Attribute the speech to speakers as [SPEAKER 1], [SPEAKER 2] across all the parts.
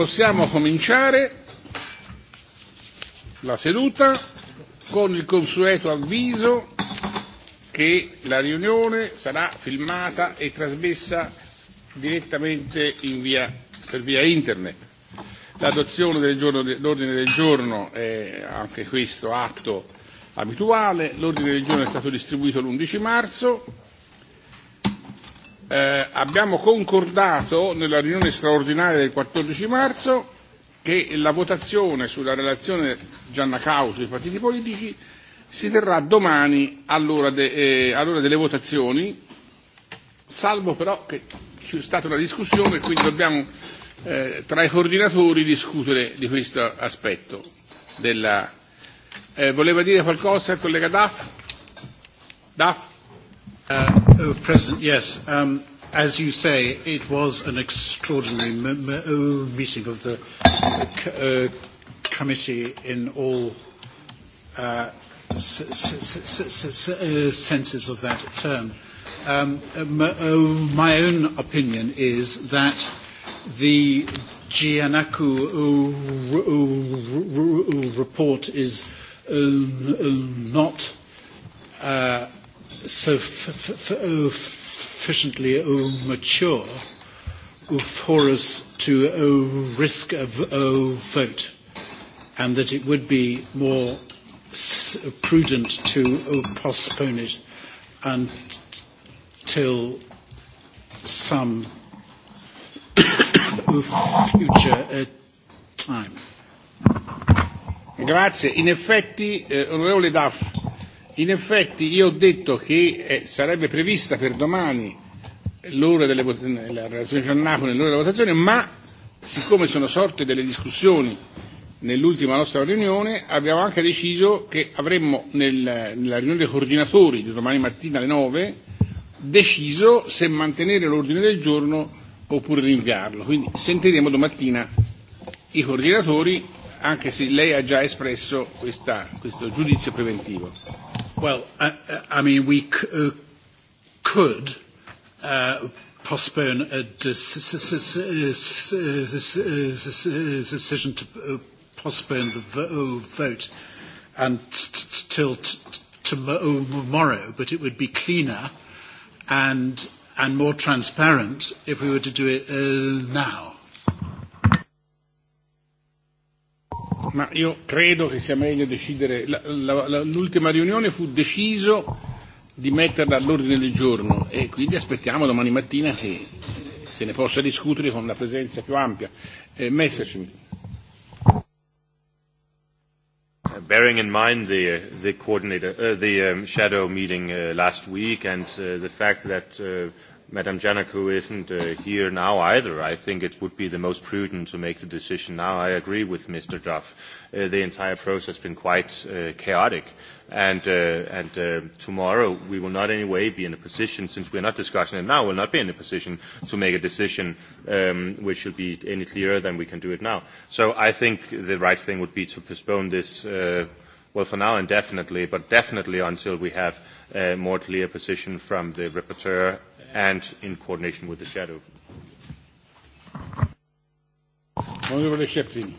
[SPEAKER 1] possiamo cominciare la seduta con il consueto avviso che la riunione sarà filmata e trasmessa direttamente in via, per via internet. L'adozione dell'ordine del giorno è anche questo atto abituale. L'ordine del giorno è stato distribuito l'11 marzo eh, abbiamo concordato nella riunione straordinaria del 14 marzo che la votazione sulla relazione Gianna Causa dei partiti politici si terrà domani all'ora, de, eh, all'ora delle votazioni, salvo però che c'è stata una discussione e quindi dobbiamo eh, tra i coordinatori discutere di questo aspetto. Della... Eh, voleva dire qualcosa il collega Daff? Daff? Uh, oh,
[SPEAKER 2] President, yes. Um, as you say, it was an extraordinary m- m- oh, meeting of the c- uh, committee in all uh, s- s- s- s- uh, senses of that term. Um, uh, m- oh, my own opinion is that the Giannakou uh, uh, report is uh, not uh, sufficiently oh, oh, mature oh, for us to risk a vote, and that it would be more prudent to postpone it until some future uh, time.
[SPEAKER 1] Grazie. In effetti, eh, onorevole Duff, In effetti io ho detto che eh, sarebbe prevista per domani l'ora delle vot- la relazione Giannacone, l'ora della votazione, ma siccome sono sorte delle discussioni nell'ultima nostra riunione, abbiamo anche deciso che avremmo nel, nella riunione dei coordinatori di domani mattina alle 9 deciso se mantenere l'ordine del giorno oppure rinviarlo. Quindi sentiremo domattina i coordinatori anche se lei ha già espresso questa, questo giudizio preventivo. Well, I, I mean, we c- uh, could
[SPEAKER 2] uh, postpone a decision to uh, postpone the uh, vote until uh, tomorrow, but it would be cleaner and and more transparent if we were to do it uh, now
[SPEAKER 1] ma io credo che sia meglio decidere. La, la, la, l'ultima riunione fu deciso di metterla all'ordine del giorno e quindi aspettiamo domani mattina che se ne possa discutere con una presenza più ampia.
[SPEAKER 3] Eh, Messerschmitt. Bearing in mind the, uh, the coordinator, uh, the um, shadow meeting uh, last week and uh, the fact that uh, Madam who isn't uh, here now either. I think it would be the most prudent to make the decision now. I agree with Mr. Duff. Uh, the entire process has been quite uh, chaotic. And, uh, and uh, tomorrow we will not anyway be in a position, since we're not discussing it now, we'll not be in a position to make a decision um, which will be any clearer than we can do it now. So I think the right thing would be to postpone this, uh, well, for now indefinitely, but definitely until we have a more clear position from the rapporteur and in coordination with the shadow. Honourable Shepton.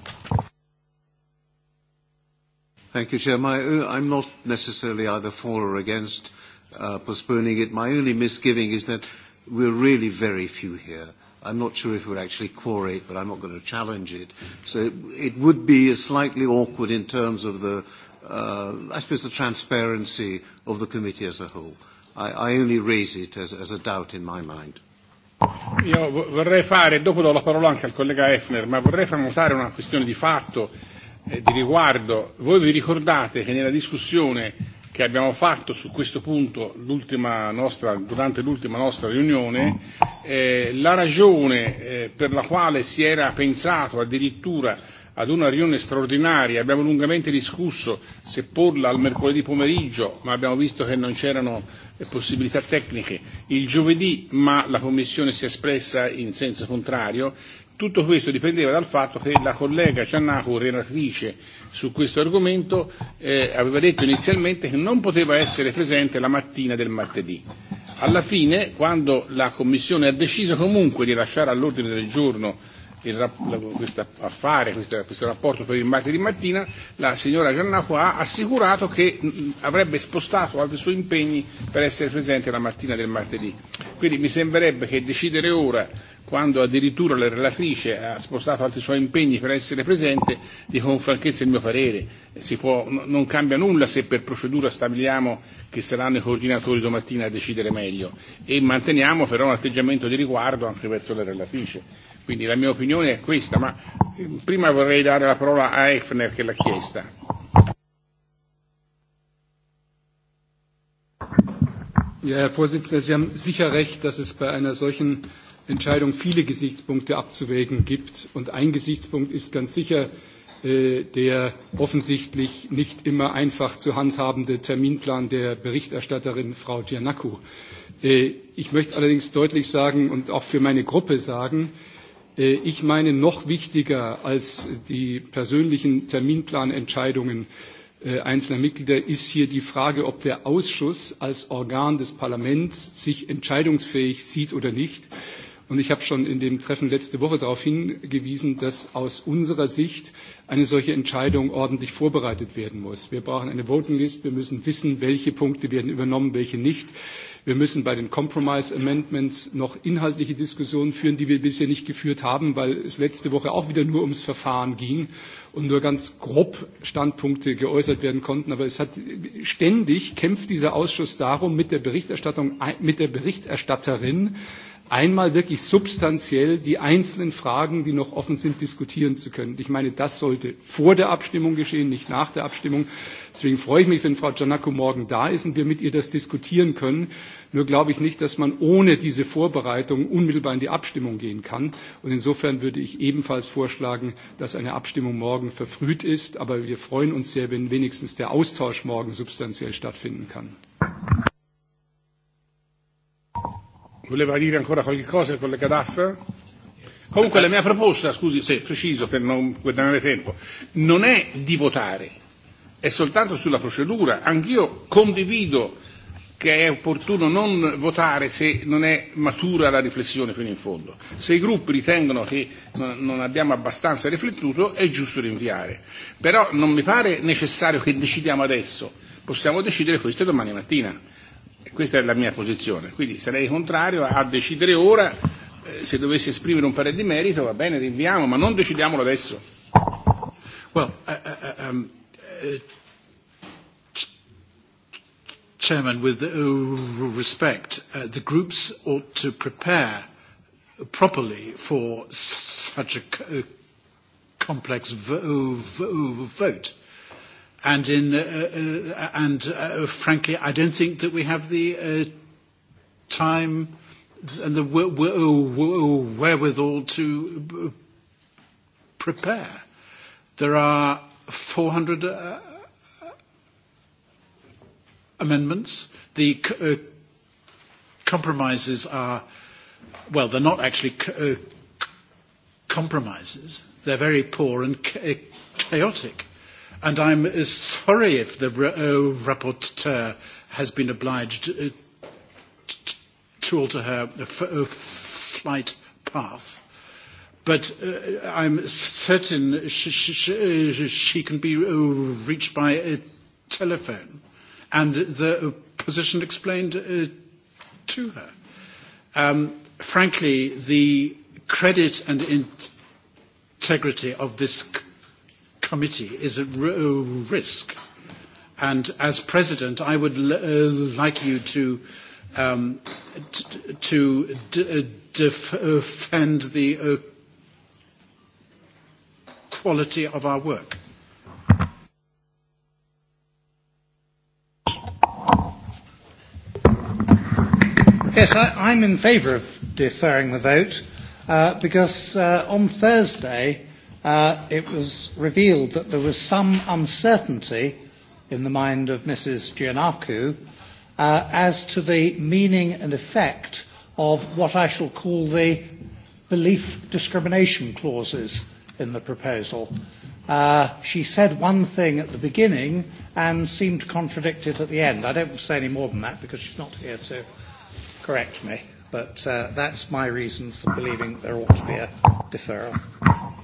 [SPEAKER 3] Thank you, Chair. My,
[SPEAKER 2] uh, I'm not necessarily either for or against uh, postponing it. My only misgiving is that we're really very few here. I'm not sure if we'll actually core it, but I'm not going to challenge it. So it, it would be slightly awkward in terms of the, uh, I suppose, the transparency of the committee as a whole. I, I only raise it as, as a doubt in my mind.
[SPEAKER 1] Io vorrei fare, dopo do la parola anche al collega Effner, ma vorrei far notare una questione di fatto, eh, di riguardo. Voi vi ricordate che nella discussione che abbiamo fatto su questo punto nostra, durante l'ultima nostra riunione, eh, la ragione eh, per la quale si era pensato addirittura ad una riunione straordinaria, abbiamo lungamente discusso se porla al mercoledì pomeriggio, ma abbiamo visto che non c'erano eh, possibilità tecniche, il giovedì, ma la Commissione si è espressa in senso contrario. Tutto questo dipendeva dal fatto che la collega Giannaco, relatrice su questo argomento, eh, aveva detto inizialmente che non poteva essere presente la mattina del martedì. Alla fine, quando la Commissione ha deciso comunque di lasciare all'ordine del giorno il, la, questo affare, questo, questo rapporto per il martedì mattina, la signora Giannaco ha assicurato che mm, avrebbe spostato altri suoi impegni per essere presente la mattina del martedì. Quindi mi sembrerebbe che decidere ora quando addirittura la relatrice ha spostato altri suoi impegni per essere presente, dico con franchezza il mio parere, si può, non cambia nulla se per procedura stabiliamo che saranno i coordinatori domattina a decidere meglio e manteniamo però un atteggiamento di riguardo anche verso la relatrice. Quindi la mia opinione è questa, ma ehm, prima vorrei dare la parola a Efner che l'ha chiesta.
[SPEAKER 4] Ja, Herr Vorsitzender, Sie haben sicher recht, dass es bei einer solchen Entscheidung viele Gesichtspunkte abzuwägen gibt. Und ein Gesichtspunkt ist ganz sicher äh, der offensichtlich nicht immer einfach zu handhabende Terminplan der Berichterstatterin Frau Giannakou. Äh, ich möchte allerdings deutlich sagen und auch für meine Gruppe sagen, äh, Äh, ich meine, noch wichtiger als die persönlichen Terminplanentscheidungen äh, einzelner Mitglieder ist hier die Frage, ob der Ausschuss als Organ des Parlaments sich entscheidungsfähig sieht oder nicht. Und ich habe schon in dem Treffen letzte Woche darauf hingewiesen, dass aus unserer Sicht eine solche Entscheidung ordentlich vorbereitet werden muss. Wir brauchen eine Voting List. Wir müssen wissen, welche Punkte werden übernommen, welche nicht. Wir müssen bei den Compromise Amendments noch inhaltliche Diskussionen führen, die wir bisher nicht geführt haben, weil es letzte Woche auch wieder nur ums Verfahren ging und nur ganz grob Standpunkte geäußert werden konnten. Aber es hat ständig kämpft dieser Ausschuss darum, mit der Berichterstattung, mit der Berichterstatterin einmal wirklich substanziell die einzelnen Fragen, die noch offen sind, diskutieren zu können. Ich meine, das sollte vor der Abstimmung geschehen, nicht nach der Abstimmung. Deswegen freue ich mich, wenn Frau Giannakou morgen da ist und wir mit ihr das diskutieren können. Nur glaube ich nicht, dass man ohne diese Vorbereitung unmittelbar in die Abstimmung gehen kann. Und insofern würde ich ebenfalls vorschlagen, dass eine Abstimmung morgen verfrüht ist. Aber wir freuen uns sehr, wenn wenigstens der Austausch
[SPEAKER 1] morgen substanziell stattfinden kann. Voleva dire ancora qualche cosa il collega Daff? Comunque la mia proposta, scusi se preciso per non guadagnare tempo, non è di votare, è soltanto sulla procedura. Anch'io condivido che è opportuno non votare se non è matura la riflessione fino in fondo. Se i gruppi ritengono che non abbiamo abbastanza riflettuto è giusto rinviare, però non mi pare necessario che decidiamo adesso, possiamo decidere questo domani mattina E questa è la mia posizione, quindi sarei contrario a decidere ora, eh, se dovessi esprimere un parere di merito va bene, rinviamo, ma non decidiamolo adesso.
[SPEAKER 2] Well, uh, uh, uh um, uh, Chairman, with uh, respect, uh, the groups ought to prepare properly for such a uh, complex vote and in uh, uh, uh, and uh, frankly, I don't think that we have the uh, time and the oh, oh, wherewithal to uh, prepare. There are 400 uh, amendments. The c- uh, compromises are, well, they're not actually c- uh, compromises. They're very poor and chaotic And I'm sorry if the uh, rapporteur has been obliged uh, to alter her uh, flight path. But uh, I'm certain she, can be reached by telephone and the position explained to her. Um, frankly, the credit and integrity of this committee is at risk. And as president, I would uh, like you to, um, to uh, defend the uh, quality of our work. Yes, I,
[SPEAKER 5] I'm in favour of deferring the vote uh, because uh, on Thursday uh, it was revealed that there was some uncertainty in the mind of Mrs. Giannaku uh, as to the meaning and effect of what I shall call the belief discrimination clauses in the proposal. Uh, she said one thing at the beginning and seemed to contradict it at the end. I don't say any more than that because she's not here to correct me,
[SPEAKER 1] but uh, that's my reason for believing there ought to be a deferral.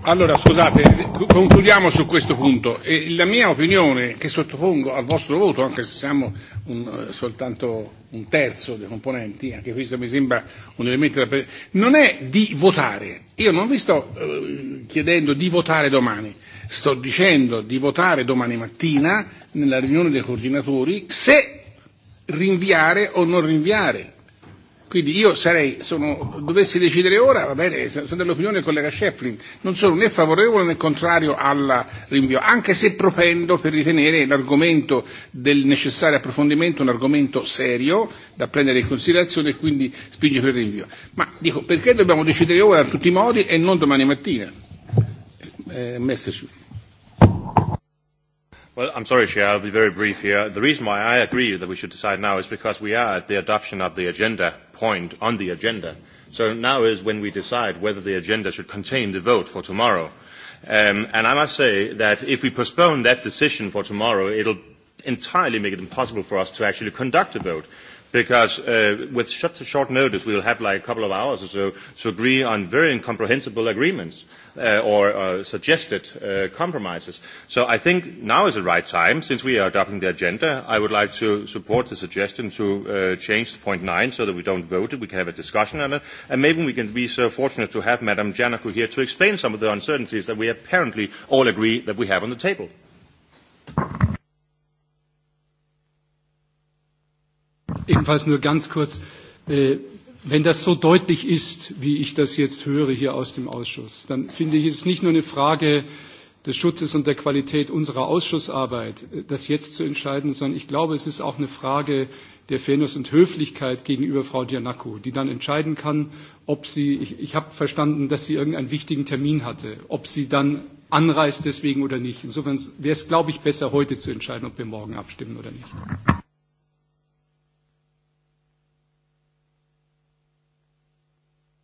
[SPEAKER 1] Allora, scusate, concludiamo su questo punto. E la mia opinione, che sottopongo al vostro voto, anche se siamo un, eh, soltanto un terzo dei componenti, anche questo mi sembra un elemento da non è di votare. Io non vi sto eh, chiedendo di votare domani, sto dicendo di votare domani mattina nella riunione dei coordinatori se rinviare o non rinviare Quindi io sarei, sono, dovessi decidere ora, va bene, sono dell'opinione del collega Shefflin, non sono né favorevole né contrario al rinvio, anche se propendo per ritenere l'argomento del necessario approfondimento un argomento serio da prendere in considerazione e quindi spinge per il rinvio. Ma dico, perché dobbiamo decidere ora a tutti i modi e non domani mattina?
[SPEAKER 3] Eh, Well, I'm sorry, Chair, I'll be very brief here. The reason why I agree that we should decide now is because we are at the adoption of the agenda point on the agenda. So now is when we decide whether the agenda should contain the vote for tomorrow. Um, and I must say that if we postpone that decision for tomorrow, it'll entirely make it impossible for us to actually conduct a vote because uh, with such a short notice, we'll have like a couple of hours or so to agree on very incomprehensible agreements uh, or uh, suggested uh, compromises. So I think now is the right time, since we are adopting the agenda. I would like to support the suggestion to uh, change the point nine so that we don't vote it. We can have a discussion on it, and maybe we can be so fortunate to have Madam Janaku here to explain some of the uncertainties that we apparently all agree that we have on the table. Thank you.
[SPEAKER 4] ebenfalls nur ganz kurz. Äh, wenn das so deutlich ist, wie ich das jetzt höre hier aus dem Ausschuss, dann finde ich, ist es nicht nur eine Frage des Schutzes und der Qualität unserer Ausschussarbeit, äh, das jetzt zu entscheiden, sondern ich glaube, es ist auch eine Frage der Fairness und Höflichkeit gegenüber Frau Giannakou, die dann entscheiden kann, ob sie, ich, ich habe verstanden, dass sie irgendeinen wichtigen Termin hatte, ob sie dann anreist deswegen oder nicht. Insofern wäre es, glaube ich, besser, heute zu entscheiden, ob wir morgen abstimmen
[SPEAKER 1] oder nicht.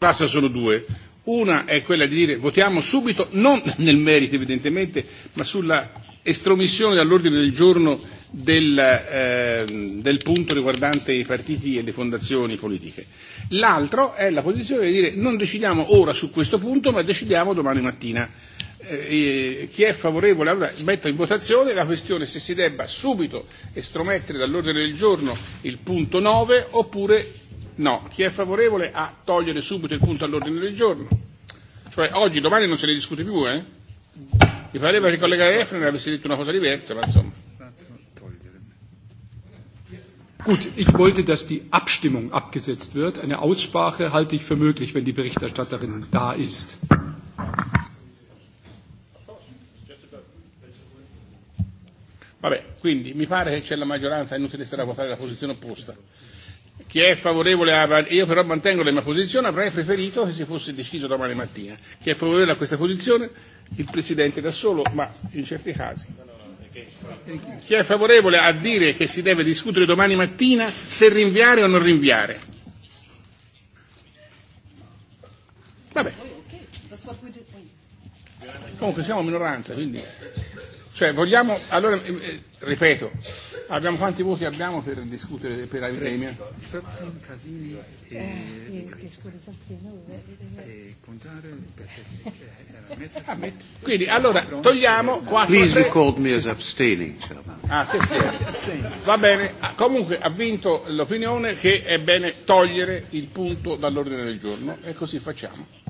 [SPEAKER 1] passa solo due. Una è quella di dire votiamo subito, non nel merito evidentemente, ma sulla estromissione dall'ordine del giorno del, eh, del punto riguardante i partiti e le fondazioni politiche. L'altro è la posizione di dire non decidiamo ora su questo punto, ma decidiamo domani mattina. Eh, e chi è favorevole allora metto in votazione la questione se si debba subito estromettere dall'ordine del giorno il punto 9 oppure No. Chi è favorevole a togliere subito il punto all'ordine del giorno? Cioè oggi, domani non se ne discute più, eh? Mi pareva che il collega Effner avesse detto una cosa diversa, ma insomma.
[SPEAKER 4] Gut, ich wollte, dass die Abstimmung abgesetzt wird. Eine Aussprache halte ich für möglich, wenn die Berichterstatterin da ist.
[SPEAKER 1] Vabbè, quindi mi pare che c'è la maggioranza, è inutile stare a votare la posizione opposta. Chi è favorevole a... Io però mantengo la mia posizione, avrei preferito che si fosse deciso domani mattina. Chi è favorevole a questa posizione? Il Presidente da solo, ma in certi casi. Chi è favorevole a dire che si deve discutere domani mattina se rinviare o non rinviare? Vabbè. Comunque siamo minoranza, quindi... Cioè vogliamo, allora, eh, eh, ripeto, abbiamo quanti voti abbiamo per discutere per la premia? Sottin, Casini e, eh, no, eh e contare perché era ah, Quindi allora togliamo 4 Please record
[SPEAKER 5] me as abstaining,
[SPEAKER 1] Ah, sì, sì. Va bene, ah, comunque ha vinto l'opinione che è bene togliere il punto dall'ordine del giorno e così facciamo.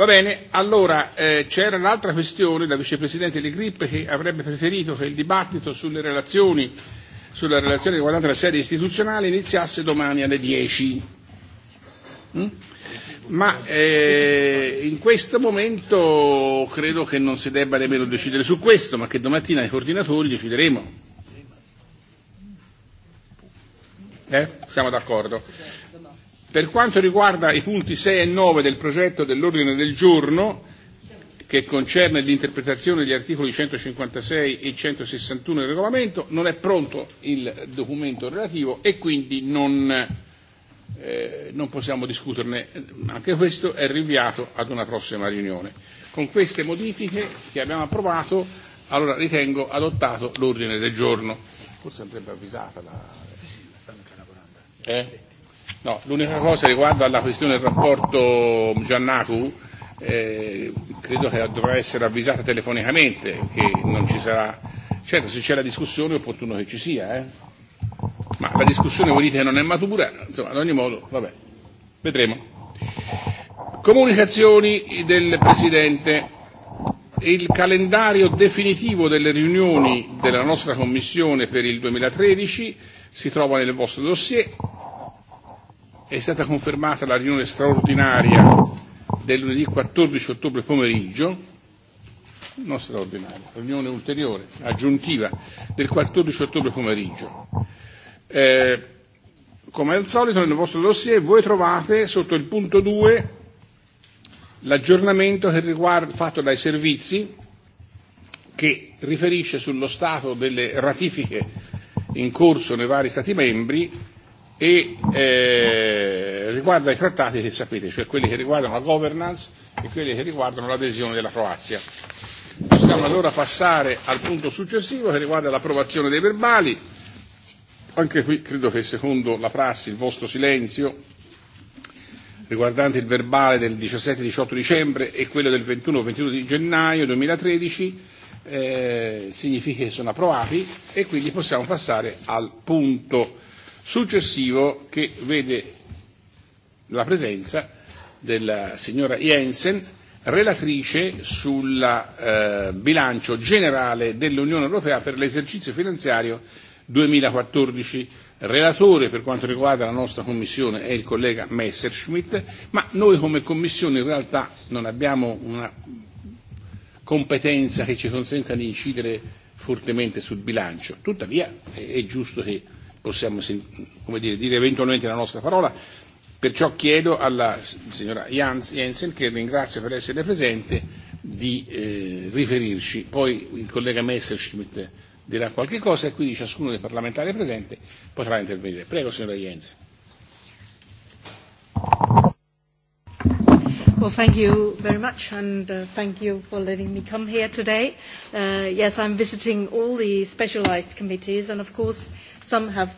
[SPEAKER 1] Va bene, allora eh, c'era l'altra questione, la vicepresidente Le Grip che avrebbe preferito che il dibattito sulle relazioni, sulla relazione riguardante la sede istituzionale iniziasse domani alle 10. Mm? Ma eh, in questo momento credo che non si debba nemmeno decidere su questo, ma che domattina i coordinatori decideremo. Eh? Siamo d'accordo. Per quanto riguarda i punti 6 e 9 del progetto dell'ordine del giorno, che concerne l'interpretazione degli articoli 156 e 161 del regolamento, non è pronto il documento relativo e quindi non, eh, non possiamo discuterne. Anche questo è rinviato ad una prossima riunione. Con queste modifiche che abbiamo approvato, allora ritengo adottato l'ordine del giorno. Forse andrebbe avvisata la... Eh? No, l'unica cosa riguardo alla questione del rapporto Giannacu, eh, credo che dovrà essere avvisata telefonicamente che non ci sarà. Certo, se c'è la discussione è opportuno che ci sia, eh? ma la discussione vuol dire che non è matura, insomma, ad ogni modo, vabbè, vedremo. Comunicazioni del Presidente. Il calendario definitivo delle riunioni della nostra Commissione per il 2013 si trova nel vostro dossier è stata confermata la riunione straordinaria del lunedì 14 ottobre pomeriggio, non straordinaria, riunione ulteriore, aggiuntiva, del 14 ottobre pomeriggio. Eh, come al solito nel vostro dossier voi trovate sotto il punto 2 l'aggiornamento che riguarda, fatto dai servizi che riferisce sullo stato delle ratifiche in corso nei vari Stati membri e eh, riguarda i trattati che sapete, cioè quelli che riguardano la governance e quelli che riguardano l'adesione della Croazia. Possiamo allora passare al punto successivo che riguarda l'approvazione dei verbali. Anche qui credo che secondo la prassi il vostro silenzio riguardante il verbale del 17-18 dicembre e quello del 21-22 di gennaio 2013 eh, significhi che sono approvati e quindi possiamo passare al punto successivo successivo che vede la presenza della signora Jensen, relatrice sul eh, bilancio generale dell'Unione Europea per l'esercizio finanziario 2014. Relatore per quanto riguarda la nostra Commissione è il collega Messerschmidt, ma noi come Commissione in realtà non abbiamo una competenza che ci consenta di incidere fortemente sul bilancio. Tuttavia è giusto che possiamo come dire, dire eventualmente la nostra parola. Perciò chiedo alla signora Jensen, che ringrazio per essere presente, di eh, riferirci. Poi il collega Messerschmidt dirà qualche cosa e quindi ciascuno dei parlamentari presenti potrà intervenire. Prego, signora Jensen.
[SPEAKER 6] Well, thank you very much, and uh, thank you for letting me come here today. Uh, yes, I'm visiting all the specialized committees, and of course, Some have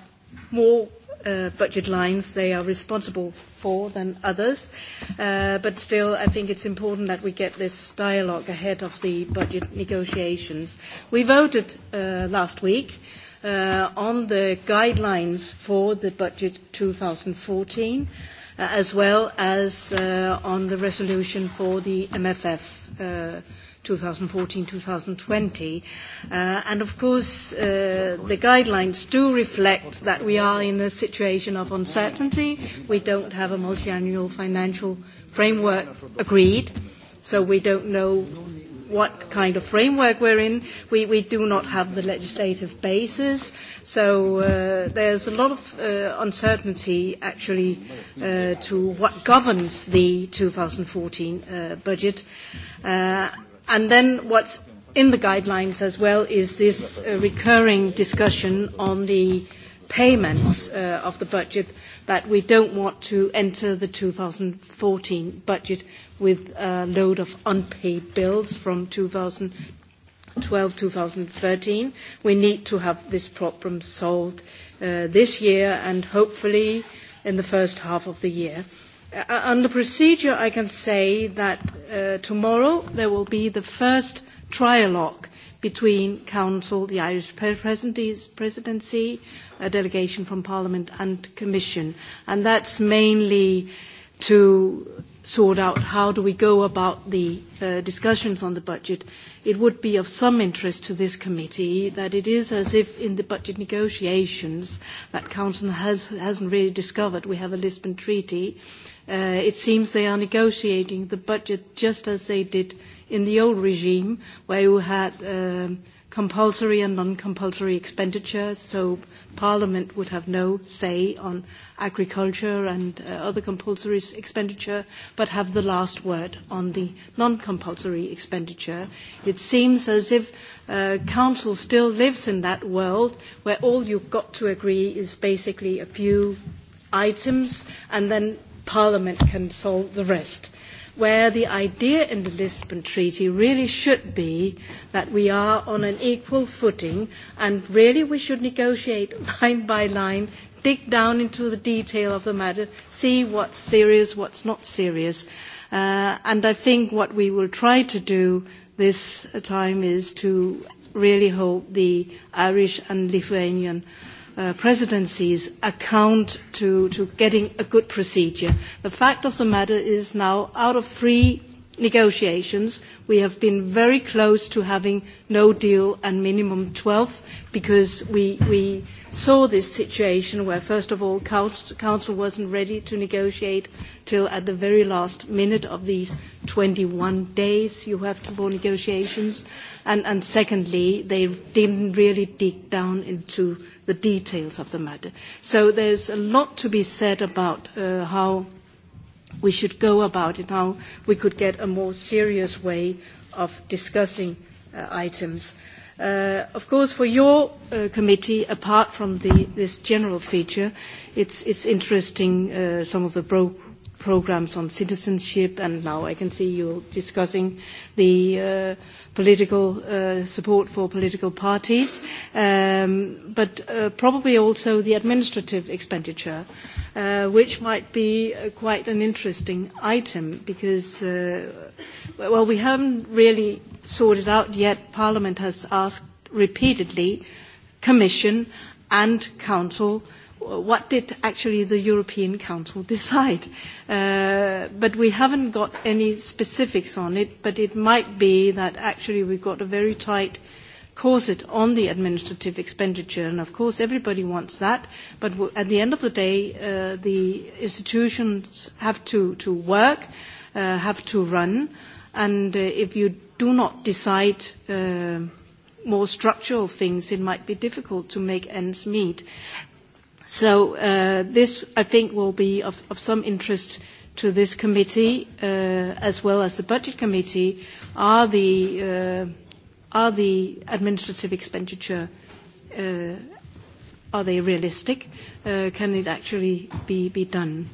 [SPEAKER 6] more uh, budget lines they are responsible for than others. Uh, but still, I think it's important that we get this dialogue ahead of the budget negotiations. We voted uh, last week uh, on the guidelines for the budget 2014, uh, as well as uh, on the resolution for the MFF. Uh, 2014-2020. Uh, and of course, uh, the guidelines do reflect that we are in a situation of uncertainty. We don't have a multi-annual financial framework agreed, so we don't know what kind of framework we're in. We, we do not have the legislative basis, so uh, there's a lot of uh, uncertainty actually uh, to what governs the 2014 uh, budget. Uh, and then what's in the guidelines as well is this uh, recurring discussion on the payments uh, of the budget that we don't want to enter the 2014 budget with a load of unpaid bills from 2012, 2013. We need to have this problem solved uh, this year and hopefully in the first half of the year. Uh, Uh, on the procedure, I can say that uh, tomorrow there will be the first trialogue between Council, the Irish Presidency, a delegation from Parliament and Commission. And that's mainly to sort out how do we go about the uh, discussions on the budget, it would be of some interest to this committee that it is as if in the budget negotiations that Council has, hasn't really discovered we have a Lisbon Treaty. Uh, it seems they are negotiating the budget just as they did in the old regime, where you had um, compulsory and non-compulsory expenditure, so Parliament would have no say on agriculture and uh, other compulsory expenditure, but have the last word on the non-compulsory expenditure. It seems as if uh, Council still lives in that world where all you've got to agree is basically a few items and then Parliament can solve the rest where the idea in the Lisbon Treaty really should be that we are on an equal footing and really we should negotiate line by line, dig down into the detail of the matter, see what's serious, what's not serious. Uh, and I think what we will try to do this time is to really hold the Irish and Lithuanian Uh, Presidency's account to, to getting a good procedure. The fact of the matter is now out of three negotiations, we have been very close to having no deal and minimum 12 because we, we saw this situation where, first of all, council, council wasn't ready to negotiate till at the very last minute of these 21 days you have to for negotiations. And, secondly, they didn't really dig down into the details of the matter. So there's a lot to be said about uh, how we should go about it, how we could get a more serious way of discussing uh, items. Uh, of course, for your uh, committee, apart from the, this general feature, it's, it's interesting uh, some of the pro programs on citizenship, and now I can see you're discussing the uh, political uh, support for political parties, um, but uh, probably also the administrative expenditure, uh, which might be uh, quite an interesting item because, uh, well, we haven't really sorted out yet. Parliament has asked repeatedly Commission and Council what did actually the European Council decide? Uh, but we haven't got any specifics on it, but it might be that actually we've got a very tight corset on the administrative expenditure, and of course everybody wants that, but at the end of the day, uh, the institutions have to, to work, uh, have to run, and uh, if you do not decide uh, more structural things, it might be difficult to make ends meet. So uh, this, I think, will be of, of some interest to this committee, uh, as well as the budget committee, are the, uh, are the administrative expenditure, uh, are they realistic? Uh, can it actually be, be done?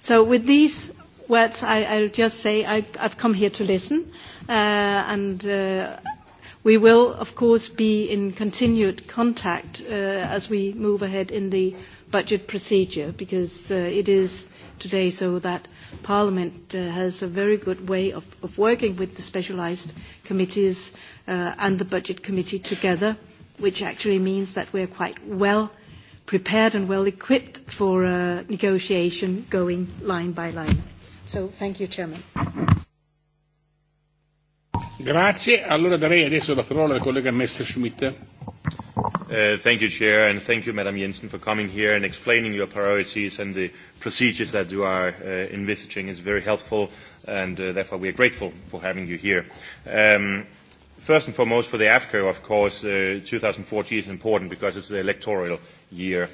[SPEAKER 6] So with these words, I, I'll just say I, I've come here to listen, uh, and uh, We will, of course, be in continued contact uh, as we move ahead in the budget procedure because uh, it is today so that Parliament uh, has a very good way of, of working with the specialised committees uh, and the Budget Committee together, which actually means that we are quite well prepared and well equipped for uh, negotiation going line by line. So thank you, Chairman.
[SPEAKER 1] Uh, thank you,
[SPEAKER 3] Chair, and thank you, Madam Jensen, for coming here and explaining your priorities and the procedures that you are uh, envisaging is very helpful, and uh, therefore we are grateful for having you here. Um, first and foremost, for the AFCO, of course, uh, 2014 is important because it's the electoral year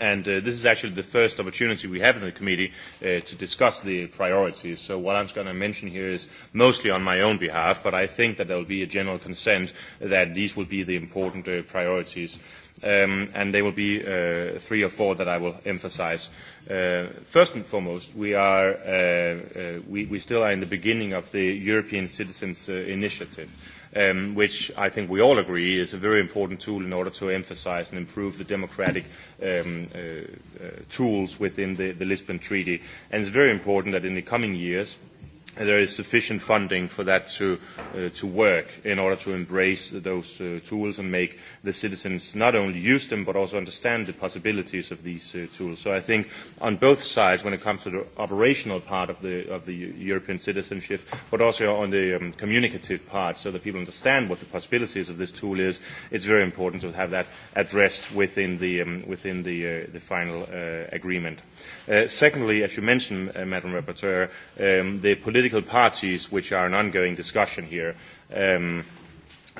[SPEAKER 3] And uh, this is actually the first opportunity we have in the committee uh, to discuss the priorities. So what I'm going to mention here is mostly on my own behalf, but I think that there will be a general consent that these will be the important uh, priorities. Um, and there will be uh, three or four that I will emphasize. Uh, first and foremost, we, are, uh, uh, we, we still are in the beginning of the European Citizens uh, Initiative. Um, which I think we all agree is a very important tool in order to emphasize and improve the democratic um, uh, uh tools within the, the Lisbon Treaty. And it's very important that in the coming years, there is sufficient funding for that to, uh, to work in order to embrace those uh, tools and make the citizens not only use them but also understand the possibilities of these uh, tools. So I think on both sides, when it comes to the operational part of the, of the European citizenship, but also on the um, communicative part, so that people understand what the possibilities of this tool is, it's very important to have that addressed within the, um, within the, uh, the final uh, agreement. Uh, secondly, as you mentioned, uh, Madam Rapporteur, um, the political political parties, which are an ongoing discussion here, um,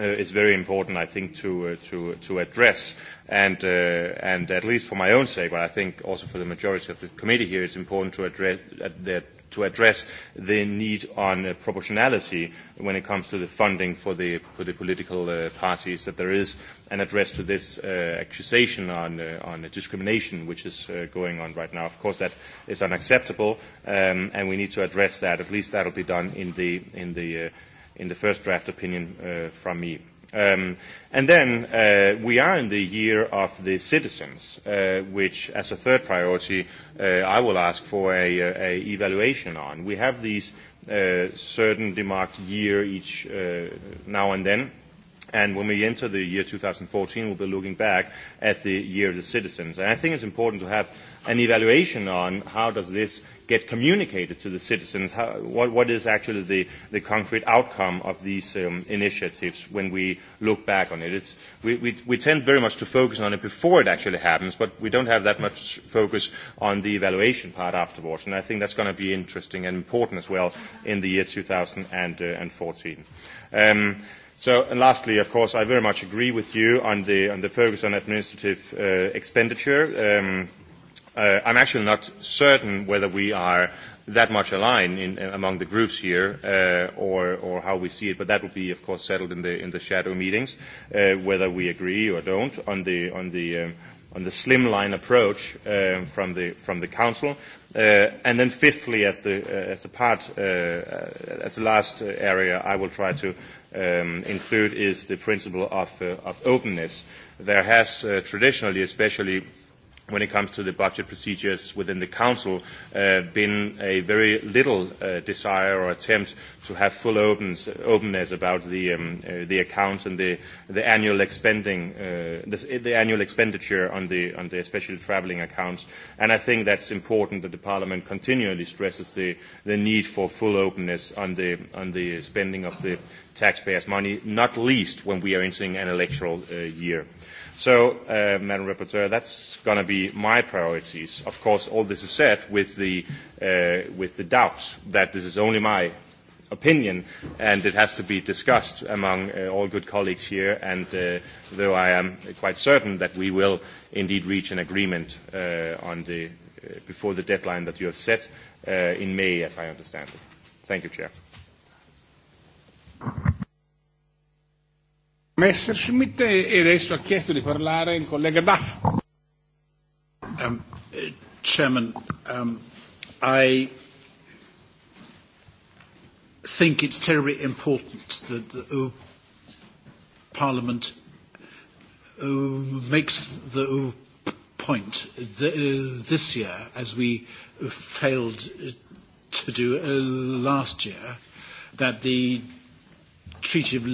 [SPEAKER 3] uh, is very important, I think, to, uh, to, to address. And, uh, and at least for my own sake, but I think also for the majority of the committee here, it's important to address, uh, that to address the need on uh, proportionality when it comes to the funding for the, for the political uh, parties, that there is an address to this uh, accusation on, uh, on discrimination which is uh, going on right now. Of course, that is unacceptable, um, and we need to address that. At least that will be done in the, in the, uh, in the first draft opinion uh, from me. Um, and then uh, we are in the year of the citizens, uh, which, as a third priority, uh, I will ask for a, uh, a evaluation on. We have these uh, certain demarked year each uh, now and then. And when we enter the year 2014, we'll be looking back at the year of the citizens. And I think it's important to have an evaluation on how does this get communicated to the citizens how, what, what is actually the, the concrete outcome of these um, initiatives when we look back on it. It's, we, we, we tend very much to focus on it before it actually happens, but we don't have that much focus on the evaluation part afterwards. And I think that's going to be interesting and important as well in the year 2014. Um, So, and lastly, of course, I very much agree with you on the, on the focus on administrative uh, expenditure. Um, Uh, I'm actually not certain whether we are that much aligned in, uh, among the groups here uh, or, or how we see it, but that will be, of course, settled in the, in the shadow meetings, uh, whether we agree or don't on the, on the, um, on the slimline approach uh, from, the, from the council. Uh, and then fifthly, as the, uh, as the part, uh, as the last area I will try to um, include is the principle of, uh, of openness. There has uh, traditionally, especially when it comes to the budget procedures within the Council, uh, been a very little uh, desire or attempt to have full opens, openness about the, um, uh, the accounts and the, the annual expending, uh, the, the annual expenditure on the, on the especially travelling accounts. And I think that's important that the Parliament continually stresses the, the need for full openness on the, on the spending of the taxpayers' money, not least when we are entering an electoral uh, year. So, uh, Madam Rapporteur, that's going to be my priorities. Of course, all this is said with the, uh, with the doubt that this is only my opinion and it has to be discussed among uh, all good colleagues here and uh, though I am quite certain that we will indeed reach an agreement uh, on the, uh, before the deadline that you have set uh, in May as I understand it. Thank you, Chair.
[SPEAKER 1] Messerschmitt eh, e adesso ha chiesto di parlare il collega Duff. Um, uh, Chairman, um, I
[SPEAKER 2] think it's terribly important that the uh, Parliament uh, makes the uh, point that, uh, this year, as we failed to do uh, last year, that the Treaty of uh,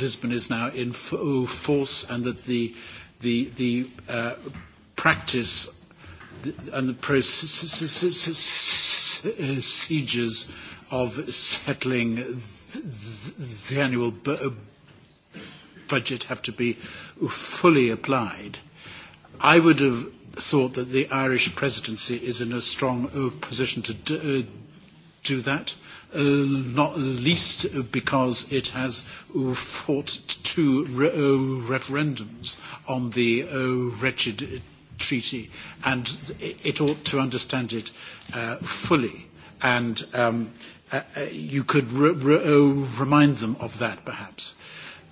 [SPEAKER 2] Lisbon is now in uh, force and that the, the, the uh, practice and the procedures of settling the annual uh, budget have to be fully applied. I would have thought that the Irish presidency is in a strong position to do that Uh, not least because it has fought two re uh, referendums on the uh, wretched treaty, and it ought to understand it fully. And um, you could re re remind them of that, perhaps.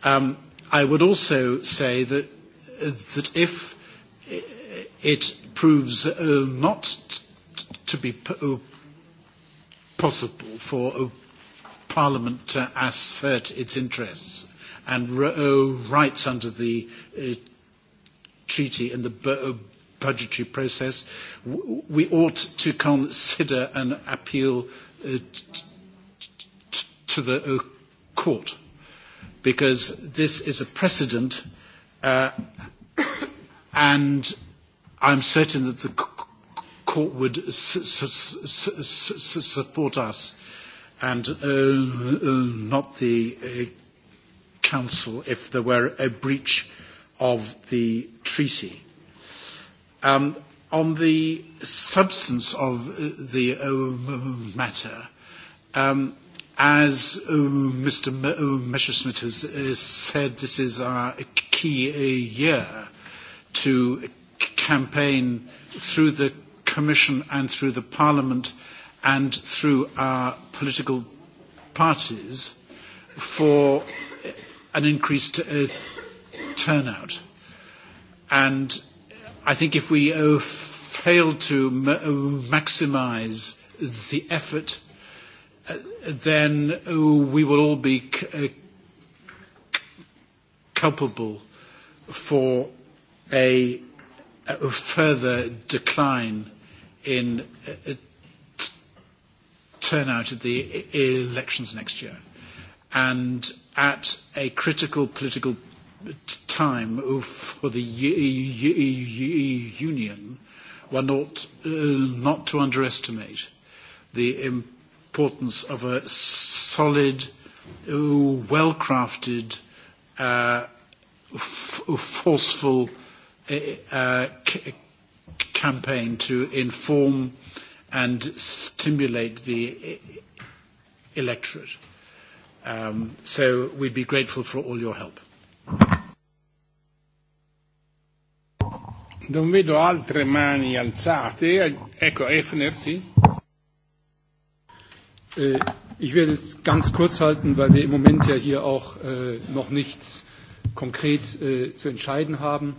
[SPEAKER 2] Um, I would also say that that if it proves uh, not to be possible for Parliament to assert its interests and oh, rights under the uh, treaty and the uh, budgetary process, we ought to consider an appeal uh, to the uh, court because this is a precedent uh, and I'm certain that the court would support us and uh, uh, not the uh, council if there were a breach of the treaty. Um, on the substance of the matter, um, as Mr. Messerschmidt has said, this is our key year to campaign through the Commission and through the Parliament and through our political parties for an increased uh, turnout. And I think if we uh, fail to ma uh, maximise the effort, uh, then uh, we will all be uh, culpable for a, a further decline in uh, uh turnout at the e, e, elections next year. And at a critical political time for the e, Union, one ought uh, not to underestimate the importance of a solid, uh, well-crafted, uh, forceful uh, uh campaign to inform and stimulate the e-, electorate. Um, so we'd be
[SPEAKER 1] grateful for all your help. Non vedo altre mani alzate. Ecco, Efner, sì.
[SPEAKER 4] Äh, ich werde es ganz kurz halten, weil wir im Moment ja hier auch äh, noch nichts konkret äh, zu entscheiden haben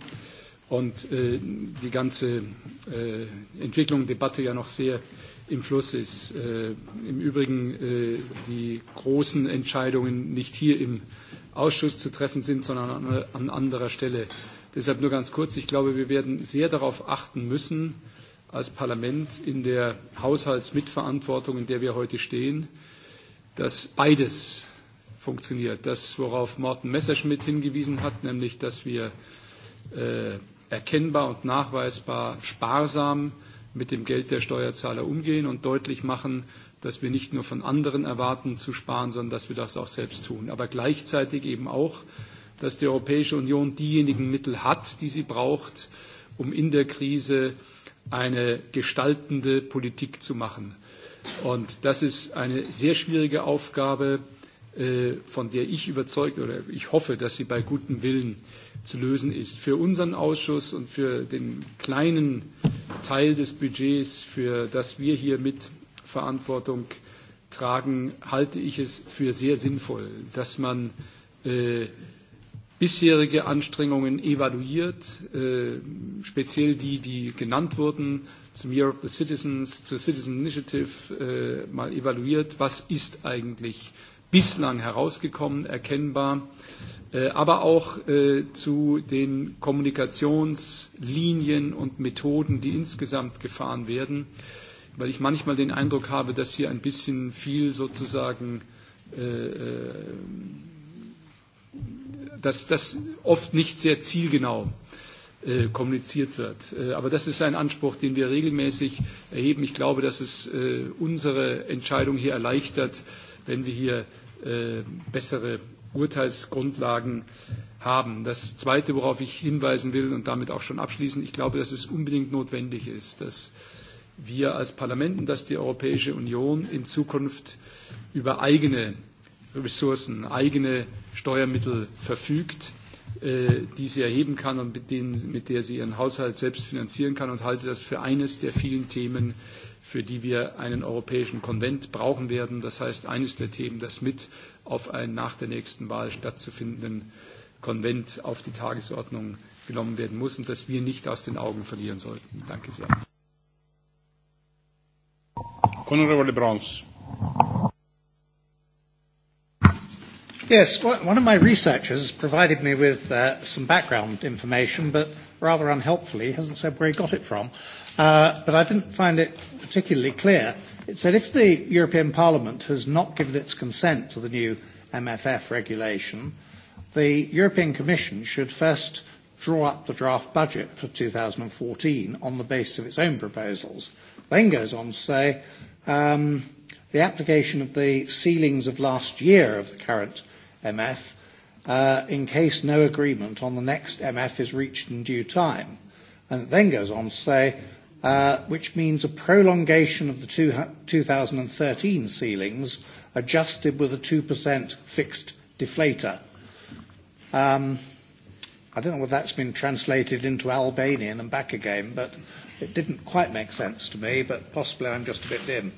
[SPEAKER 4] und äh, die ganze äh, Entwicklung, Debatte ja noch sehr im Fluss ist. Äh, Im Übrigen äh, die großen Entscheidungen nicht hier im Ausschuss zu treffen sind, sondern an, an anderer Stelle. Deshalb nur ganz kurz, ich glaube, wir werden sehr darauf achten müssen, als Parlament in der Haushaltsmitverantwortung, in der wir heute stehen, dass beides funktioniert. Das, worauf Morten Messerschmidt hingewiesen hat, nämlich, dass wir äh, erkennbar und nachweisbar sparsam mit dem Geld der Steuerzahler umgehen und deutlich machen, dass wir nicht nur von anderen erwarten zu sparen, sondern dass wir das auch selbst tun. Aber gleichzeitig eben auch, dass die Europäische Union diejenigen Mittel hat, die sie braucht, um in der Krise eine gestaltende Politik zu machen. Und das ist eine sehr schwierige Aufgabe, Äh, von der ich überzeugt oder ich hoffe, dass sie bei gutem Willen zu lösen ist. Für unseren Ausschuss und für den kleinen Teil des Budgets, für das wir hier mit Verantwortung tragen, halte ich es für sehr sinnvoll, dass man äh, bisherige Anstrengungen evaluiert, äh, speziell die, die genannt wurden, zum Year of the Citizens, zur Citizen Initiative äh, mal evaluiert, was ist eigentlich bislang herausgekommen, erkennbar, äh, aber auch äh, zu den Kommunikationslinien und Methoden, die insgesamt gefahren werden, weil ich manchmal den Eindruck habe, dass hier ein bisschen viel sozusagen äh, dass das oft nicht sehr zielgenau kommuniziert wird. aber das ist ein Anspruch, den wir regelmäßig erheben. Ich glaube, dass es unsere Entscheidung hier erleichtert, wenn wir hier äh, bessere Urteilsgrundlagen haben. Das Zweite, worauf ich hinweisen will und damit auch schon abschließen, ich glaube, dass es unbedingt notwendig ist, dass wir als Parlament und dass die Europäische Union in Zukunft über eigene Ressourcen, eigene Steuermittel verfügt, Äh, die sie erheben kann und mit, denen, mit der sie ihren Haushalt selbst finanzieren kann und halte das für eines der vielen Themen, für die wir einen europäischen Konvent brauchen werden. Das heißt, eines der Themen, das mit auf einen nach der nächsten Wahl stattzufindenden Konvent auf die Tagesordnung genommen werden muss und das wir nicht aus den Augen verlieren sollten. Danke sehr. Honorable Brons. Yes, one of
[SPEAKER 5] my researchers provided me with uh, some background information, but rather unhelpfully hasn't said where he got it from. Uh, but I didn't find it particularly clear. It said if the European Parliament has not given its consent to the new MFF regulation, the European Commission should first draw up the draft budget for 2014 on the basis of its own proposals. Then goes on to say um, the application of the ceilings of last year of the current MF uh, in case no agreement on the next MF is reached in due time. And it then goes on to say, uh, which means a prolongation of the 2013 ceilings adjusted with a 2% fixed deflator. Um, I don't know whether that's been translated into Albanian and back again, but it didn't quite make sense to me, but possibly I'm just a bit dim.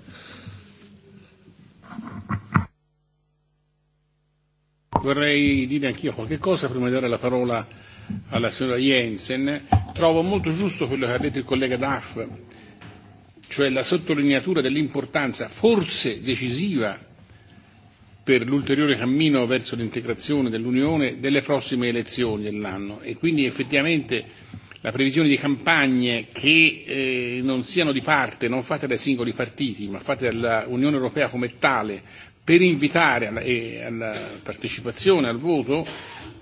[SPEAKER 1] Vorrei dire anch'io qualche cosa prima di dare la parola alla signora Jensen. Trovo molto giusto quello che ha detto il collega Duff, cioè la sottolineatura dell'importanza forse decisiva per l'ulteriore cammino verso l'integrazione dell'Unione delle prossime elezioni dell'anno e quindi effettivamente la previsione di campagne che eh, non siano di parte, non fatte dai singoli partiti, ma fatte dall'Unione Europea come tale, per invitare alla, eh, alla partecipazione al voto,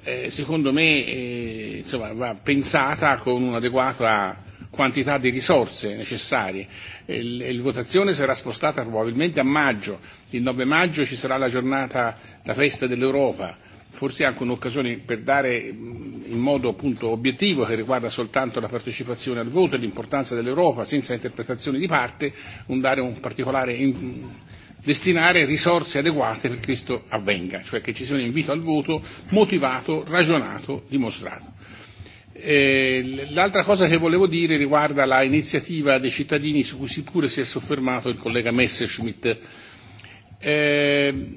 [SPEAKER 1] eh, secondo me eh, insomma, va pensata con un'adeguata quantità di risorse necessarie. E e il, votazione sarà spostata probabilmente a maggio, il 9 maggio ci sarà la giornata, la festa dell'Europa, forse anche un'occasione per dare in modo appunto obiettivo che riguarda soltanto la partecipazione al voto e l'importanza dell'Europa senza interpretazioni di parte, un dare un particolare in, destinare risorse adeguate per questo avvenga, cioè che ci sia un invito al voto motivato, ragionato, dimostrato. Eh, l'altra cosa che volevo dire riguarda la iniziativa dei cittadini su cui pure si è soffermato il collega Messerschmidt. Eh,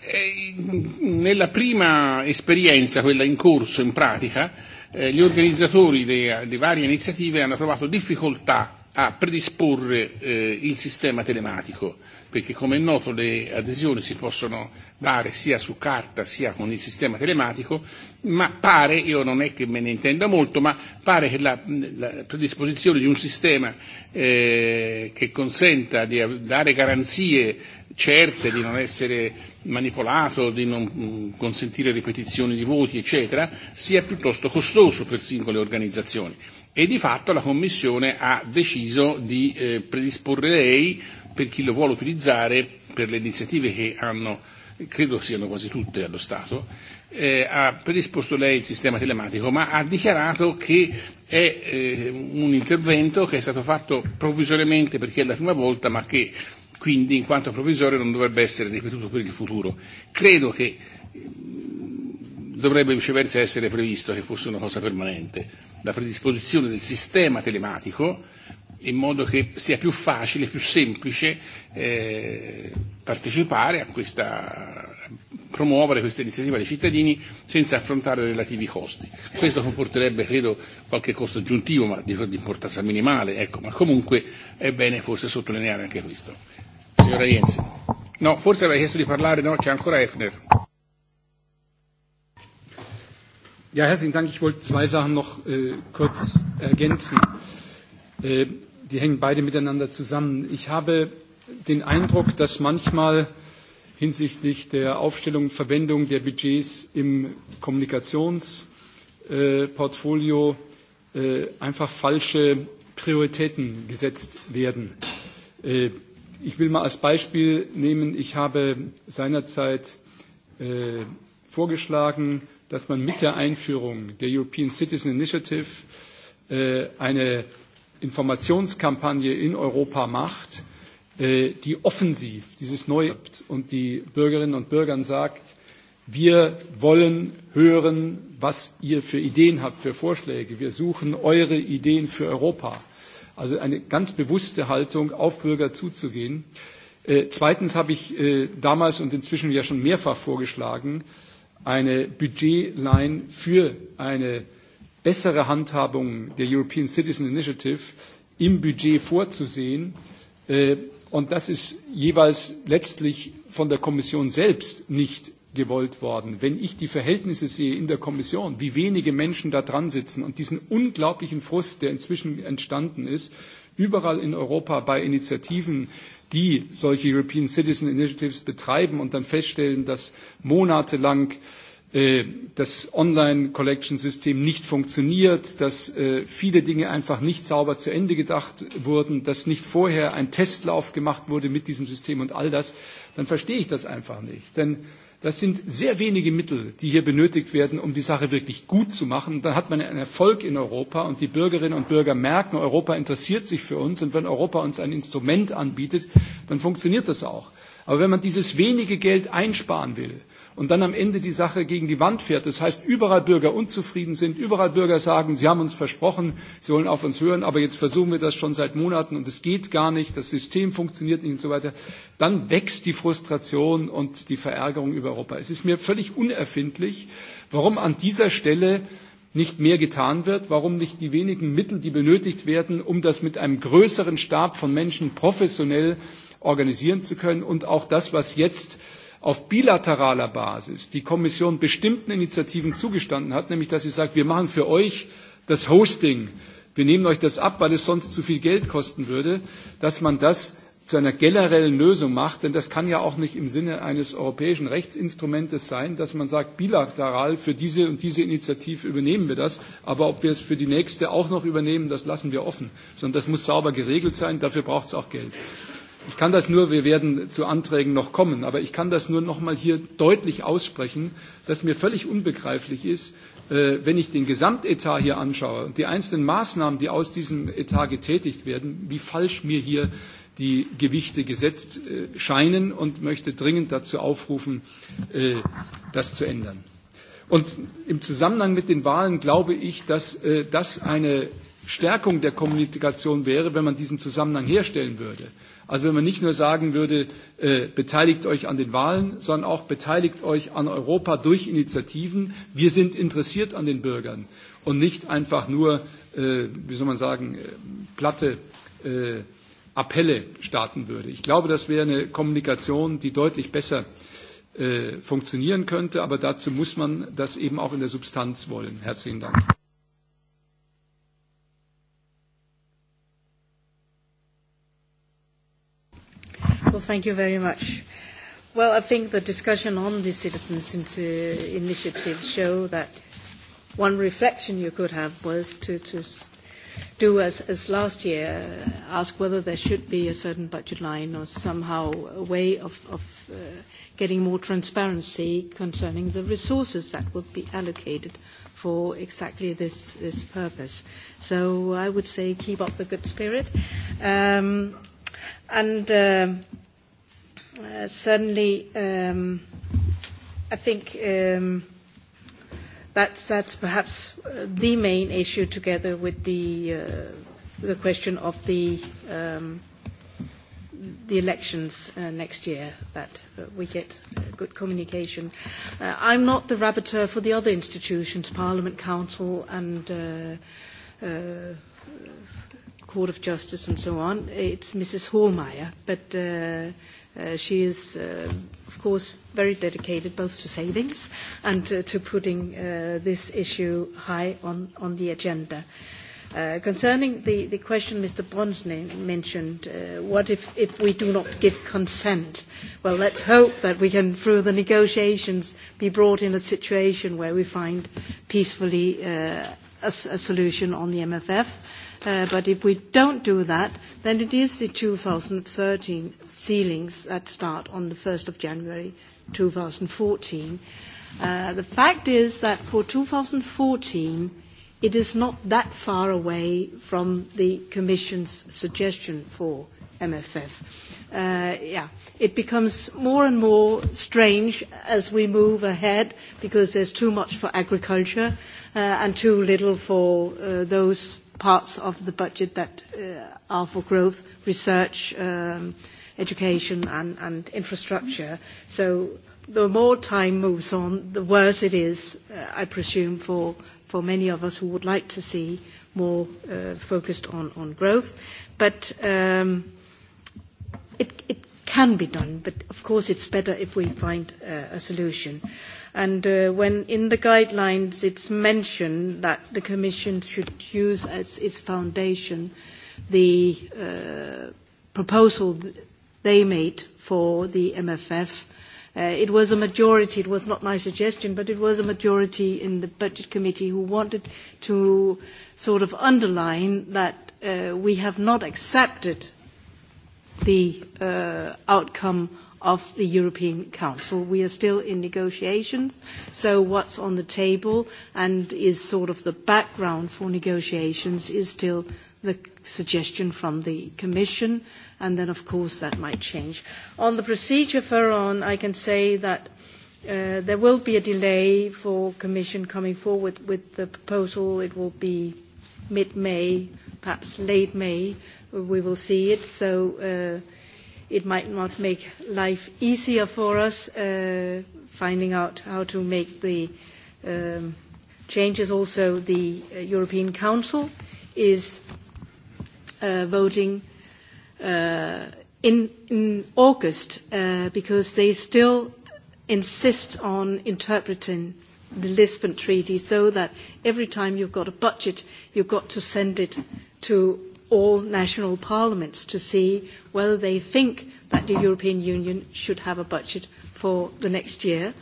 [SPEAKER 1] eh, nella prima esperienza, quella in corso in pratica, gli organizzatori di varie iniziative hanno trovato difficoltà a predisporre eh, il sistema telematico, perché come è noto le adesioni si possono dare sia su carta sia con il sistema telematico, ma pare, io non è che me ne intenda molto, ma pare che la, la predisposizione di un sistema eh, che consenta di dare garanzie certe di non essere manipolato, di non consentire ripetizioni di voti, eccetera, sia piuttosto costoso per singole organizzazioni. E di fatto la Commissione ha deciso di eh, predisporre lei per chi lo vuole utilizzare, per le iniziative che hanno, credo siano quasi tutte allo Stato, eh, ha predisposto lei il sistema telematico, ma ha dichiarato che è eh, un intervento che è stato fatto provvisoriamente perché è la prima volta, ma che quindi in quanto provvisorio non dovrebbe essere ripetuto per il futuro. Credo che mm, dovrebbe viceversa essere previsto che fosse una cosa permanente, la predisposizione del sistema telematico in modo che sia più facile, più semplice eh, partecipare a questa, promuovere questa iniziativa dei cittadini senza affrontare relativi costi. Questo comporterebbe, credo, qualche costo aggiuntivo, ma di, di importanza minimale, ecco, ma comunque è bene forse sottolineare anche questo signora Rienzi. No, forse aveva chiesto di parlare, no, c'è ancora Efner.
[SPEAKER 4] Ja, herzlichen Dank. Ich wollte zwei Sachen noch äh, kurz ergänzen. Äh, die hängen beide miteinander zusammen. Ich habe den Eindruck, dass manchmal hinsichtlich der Aufstellung und Verwendung der Budgets im Kommunikationsportfolio äh, einfach falsche Prioritäten gesetzt werden. Äh, Ich will mal als Beispiel nehmen, ich habe seinerzeit äh, vorgeschlagen, dass man mit der Einführung der European Citizen Initiative äh, eine Informationskampagne in Europa macht, äh, die offensiv dieses neue und die Bürgerinnen und Bürgern sagt, wir wollen hören, was ihr für Ideen habt, für Vorschläge. Wir suchen eure Ideen für Europa. Äh, Also eine ganz bewusste Haltung, auf Bürger zuzugehen. Äh, zweitens habe ich äh, damals und inzwischen ja schon mehrfach vorgeschlagen, eine Budgetline für eine bessere Handhabung der European Citizen Initiative im Budget vorzusehen. Äh, und das ist jeweils letztlich von der Kommission selbst nicht gewollt worden. Wenn ich die Verhältnisse sehe in der Kommission, wie wenige Menschen da dran sitzen und diesen unglaublichen Frust, der inzwischen entstanden ist, überall in Europa bei Initiativen, die solche European Citizen Initiatives betreiben und dann feststellen, dass monatelang äh, das Online-Collection-System nicht funktioniert, dass äh, viele Dinge einfach nicht sauber zu Ende gedacht wurden, dass nicht vorher ein Testlauf gemacht wurde mit diesem System und all das, dann verstehe ich das einfach nicht. Denn Das sind sehr wenige Mittel, die hier benötigt werden, um die Sache wirklich gut zu machen. Dann hat man einen Erfolg in Europa und die Bürgerinnen und Bürger merken, Europa interessiert sich für uns und wenn Europa uns ein Instrument anbietet, dann funktioniert das auch. Aber wenn man dieses wenige Geld einsparen will und dann am Ende die Sache gegen die Wand fährt, das heißt, überall Bürger unzufrieden sind, überall Bürger sagen, sie haben uns versprochen, sie wollen auf uns hören, aber jetzt versuchen wir das schon seit Monaten und es geht gar nicht, das System funktioniert nicht und so weiter, dann wächst die Frustration und die Verärgerung über Europa. Es ist mir völlig unerfindlich, warum an dieser Stelle nicht mehr getan wird, warum nicht die wenigen Mittel, die benötigt werden, um das mit einem größeren Stab von Menschen professionell organisieren zu können und auch das, was jetzt auf bilateraler Basis die Kommission bestimmten Initiativen zugestanden hat, nämlich dass sie sagt, wir machen für euch das Hosting, wir nehmen euch das ab, weil es sonst zu viel Geld kosten würde, dass man das zu einer generellen Lösung macht, denn das kann ja auch nicht im Sinne eines europäischen Rechtsinstrumentes sein, dass man sagt, bilateral für diese und diese Initiative übernehmen wir das, aber ob wir es für die nächste auch noch übernehmen, das lassen wir offen, sondern das muss sauber geregelt sein, dafür braucht es auch Geld. Ich kann das nur, wir werden zu Anträgen noch kommen, aber ich kann das nur noch mal hier deutlich aussprechen, dass mir völlig unbegreiflich ist, äh, wenn ich den Gesamtetat hier anschaue und die einzelnen Maßnahmen, die aus diesem Etat getätigt werden, wie falsch mir hier die Gewichte gesetzt äh, scheinen und möchte dringend dazu aufrufen, äh, das zu ändern. Und im Zusammenhang mit den Wahlen glaube ich, dass das eine Stärkung der Kommunikation wäre, wenn man diesen Zusammenhang herstellen würde. Also wenn man nicht nur sagen würde, äh, beteiligt euch an den Wahlen, sondern auch beteiligt euch an Europa durch Initiativen. Wir sind interessiert an den Bürgern und nicht einfach nur, äh, wie soll man sagen, äh, platte äh, Appelle starten würde. Ich glaube, das wäre eine Kommunikation, die deutlich besser äh, funktionieren könnte, aber dazu muss man das eben auch in der Substanz wollen. Herzlichen Dank.
[SPEAKER 6] Well, thank you very much. Well, I think the discussion on the citizens' initiative show that one reflection you could have was to, to do as, as last year, ask whether there should be a certain budget line or somehow a way of, of uh, getting more transparency concerning the resources that would be allocated for exactly this, this purpose. So I would say keep up the good spirit. Um, and... Uh, certainly, uh, um, I think um, that's, that's perhaps uh, the main issue together with the, uh, the question of the, um, the elections uh, next year, that uh, we get uh, good communication. Uh, I'm not the rapporteur for the other institutions, Parliament, Council, and uh, uh, Court of Justice, and so on. It's Mrs. Hohlmeier, but. Uh, Uh, she is, uh, of course, very dedicated both to savings and uh, to putting uh, this issue high on, on the agenda. Uh, concerning the, the question Mr. Bronsny mentioned, uh, what if, if we do not give consent? Well, let's hope that we can, through the negotiations, be brought in a situation where we find peacefully uh, a, a solution on the MFF Uh, if we don't do that, then it is the 2013 ceilings that start on the 1st of January 2014. Uh, the fact is that for 2014, it is not that far away from the Commission's suggestion for MFF. Uh, it becomes more and more strange as we move ahead because there's too much for agriculture and too little for those parts of the budget that uh, are for growth, research, um, education, and, and infrastructure. So the more time moves on, the worse it is, uh, I presume, for, for many of us who would like to see more uh, focused on, on growth. But um, it, it can be done, but of course it's better if we find uh, a solution. And uh, when in the guidelines it's mentioned that the Commission should use as its foundation the uh, proposal they made for the MFF, uh, it was a majority, it was not my suggestion, but it was a majority in the Budget Committee who wanted to sort of underline that uh, we have not accepted the uh, outcome of the European Council. We are still in negotiations, so what's on the table and is sort of the background for negotiations is still the suggestion from the Commission, and then of course that might change. On the procedure for on, I can say that uh, there will be a delay for Commission coming forward with the proposal. It will be mid-May, perhaps late May, we will see it. So uh, it might not make life easier for us uh, finding out how to make the um, changes. Also, the uh, European Council is voting in, in August uh, because they still insist on interpreting the Lisbon Treaty so that every time you've got a budget, you've got to send it to all national parliaments to see whether they think that the European Union should have a budget for the next year.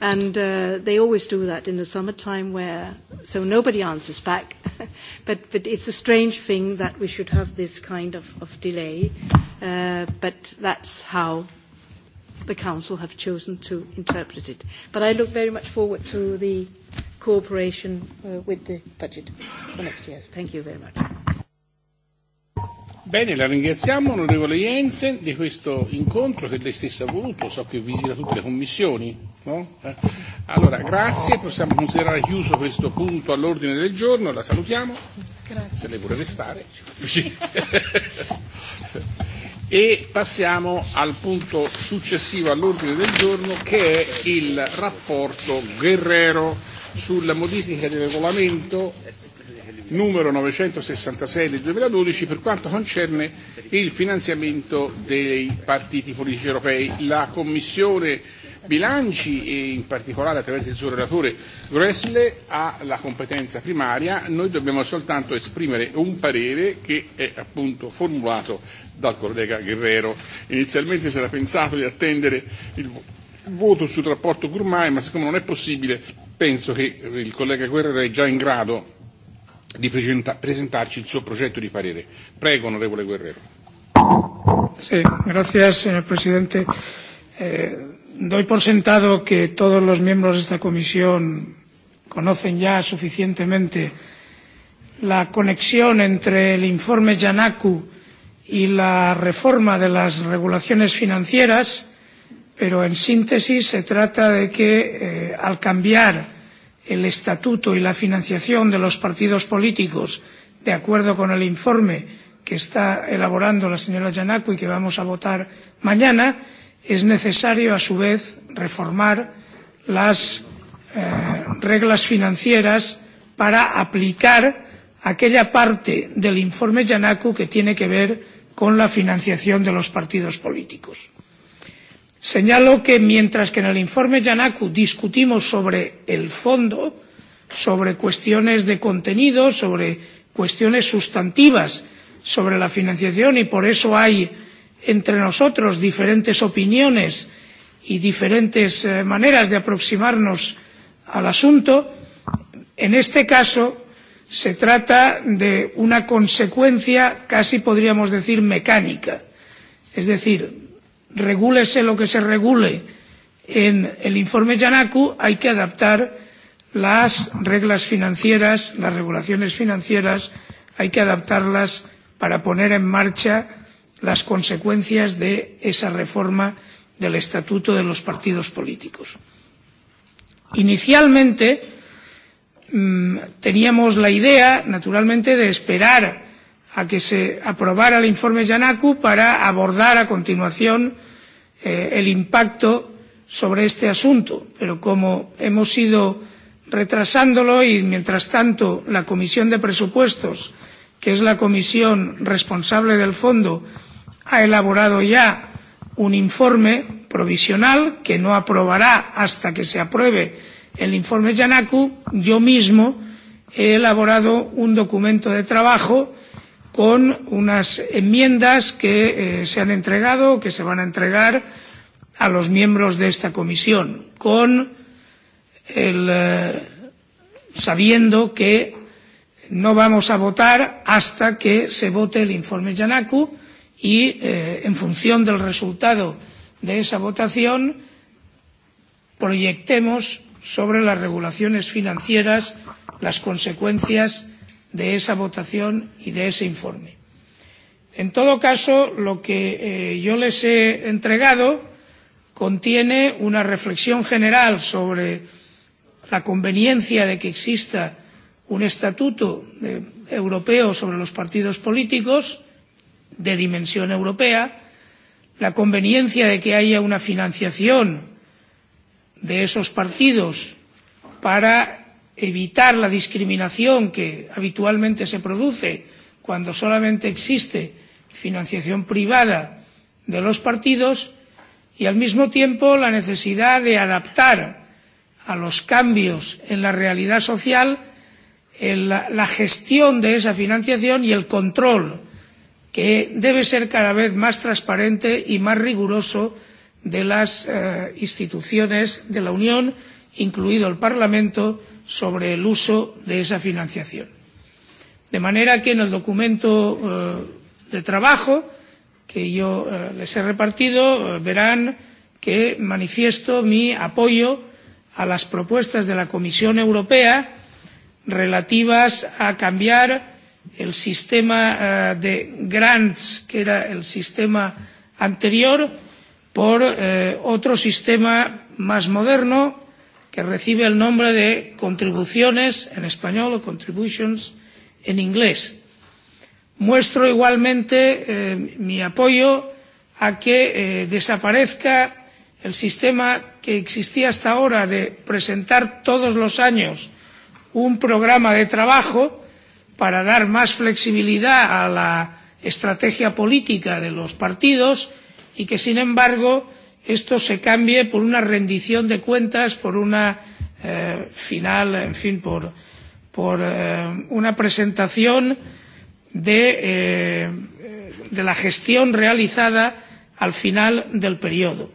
[SPEAKER 6] And uh, they always do that in the summertime where, so nobody answers back. but, but it's a strange thing that we should have this kind of, of delay. Uh, but that's how the Council have chosen to interpret it. But I look very much forward to the cooperation uh, with the budget for next year. Thank you very much.
[SPEAKER 1] Bene, la ringraziamo onorevole Jensen di questo incontro che lei stessa ha voluto, so che visita tutte le commissioni. No? Eh. Allora, grazie, possiamo considerare chiuso questo punto all'ordine del giorno, la salutiamo, grazie. se lei vuole restare. e passiamo al punto successivo all'ordine del giorno che è il rapporto Guerrero sulla modifica del regolamento numero 966 del 2012 per quanto concerne il finanziamento dei partiti politici europei. La Commissione bilanci e in particolare attraverso il suo relatore Gressle ha la competenza primaria, noi dobbiamo soltanto esprimere un parere che è appunto formulato dal collega Guerrero. Inizialmente si era pensato di attendere il voto sul rapporto Gourmay, ma siccome non è possibile penso che il collega Guerrero è già in grado di presenta- presentarci il suo progetto di parere. Prego, onorevole Guerrero.
[SPEAKER 7] Sí, gracias, señor presidente. Eh, doy por sentado que todos los miembros de esta comisión conocen ya suficientemente la conexión entre el informe Yanaku y la reforma de las regulaciones financieras, pero en síntesis se trata de que, eh, al cambiar el estatuto y la financiación de los partidos políticos de acuerdo con el informe que está elaborando la señora giannakou y que vamos a votar mañana es necesario a su vez reformar las eh, reglas financieras para aplicar aquella parte del informe giannakou que tiene que ver con la financiación de los partidos políticos Señalo que mientras que en el informe giannakou discutimos sobre el fondo, sobre cuestiones de contenido, sobre cuestiones sustantivas, sobre la financiación y por eso hay entre nosotros diferentes opiniones y diferentes eh, maneras de aproximarnos al asunto, en este caso se trata de una consecuencia casi podríamos decir mecánica. Es decir, regúlese lo que se regule en el informe Yanaku, hay que adaptar las reglas financieras, las regulaciones financieras, hay que adaptarlas para poner en marcha las consecuencias de esa reforma del estatuto de los partidos políticos. Inicialmente mm, teníamos la idea, naturalmente, de esperar a que se aprobara el informe Yanaku para abordar a continuación eh, el impacto sobre este asunto. Pero como hemos ido retrasándolo y, mientras tanto, la Comisión de Presupuestos, que es la comisión responsable del fondo, ha elaborado ya un informe provisional que no aprobará hasta que se apruebe el informe Yanaku, yo mismo he elaborado un documento de trabajo con unas enmiendas que eh, se han entregado o que se van a entregar a los miembros de esta comisión con el, eh, sabiendo que no vamos a votar hasta que se vote el informe Yanaku y eh, en función del resultado de esa votación proyectemos sobre las regulaciones financieras las consecuencias de esa votación y de ese informe. en todo caso lo que eh, yo les he entregado contiene una reflexión general sobre la conveniencia de que exista un estatuto eh, europeo sobre los partidos políticos de dimensión europea la conveniencia de que haya una financiación de esos partidos para evitar la discriminación que habitualmente se produce cuando solamente existe financiación privada de los partidos y al mismo tiempo la necesidad de adaptar a los cambios en la realidad social el, la gestión de esa financiación y el control que debe ser cada vez más transparente y más riguroso de las eh, instituciones de la Unión incluido el Parlamento, sobre el uso de esa financiación. De manera que en el documento eh, de trabajo que yo eh, les he repartido eh, verán que manifiesto mi apoyo a las propuestas de la Comisión Europea relativas a cambiar el sistema eh, de grants, que era el sistema anterior, por eh, otro sistema más moderno, que recibe el nombre de contribuciones en español o contributions en inglés. Muestro igualmente eh, mi apoyo a que eh, desaparezca el sistema que existía hasta ahora de presentar todos los años un programa de trabajo para dar más flexibilidad a la estrategia política de los partidos y que, sin embargo, esto se cambie por una rendición de cuentas, por una eh, final, en fin, por, por eh, una presentación de, eh, de la gestión realizada al final del periodo.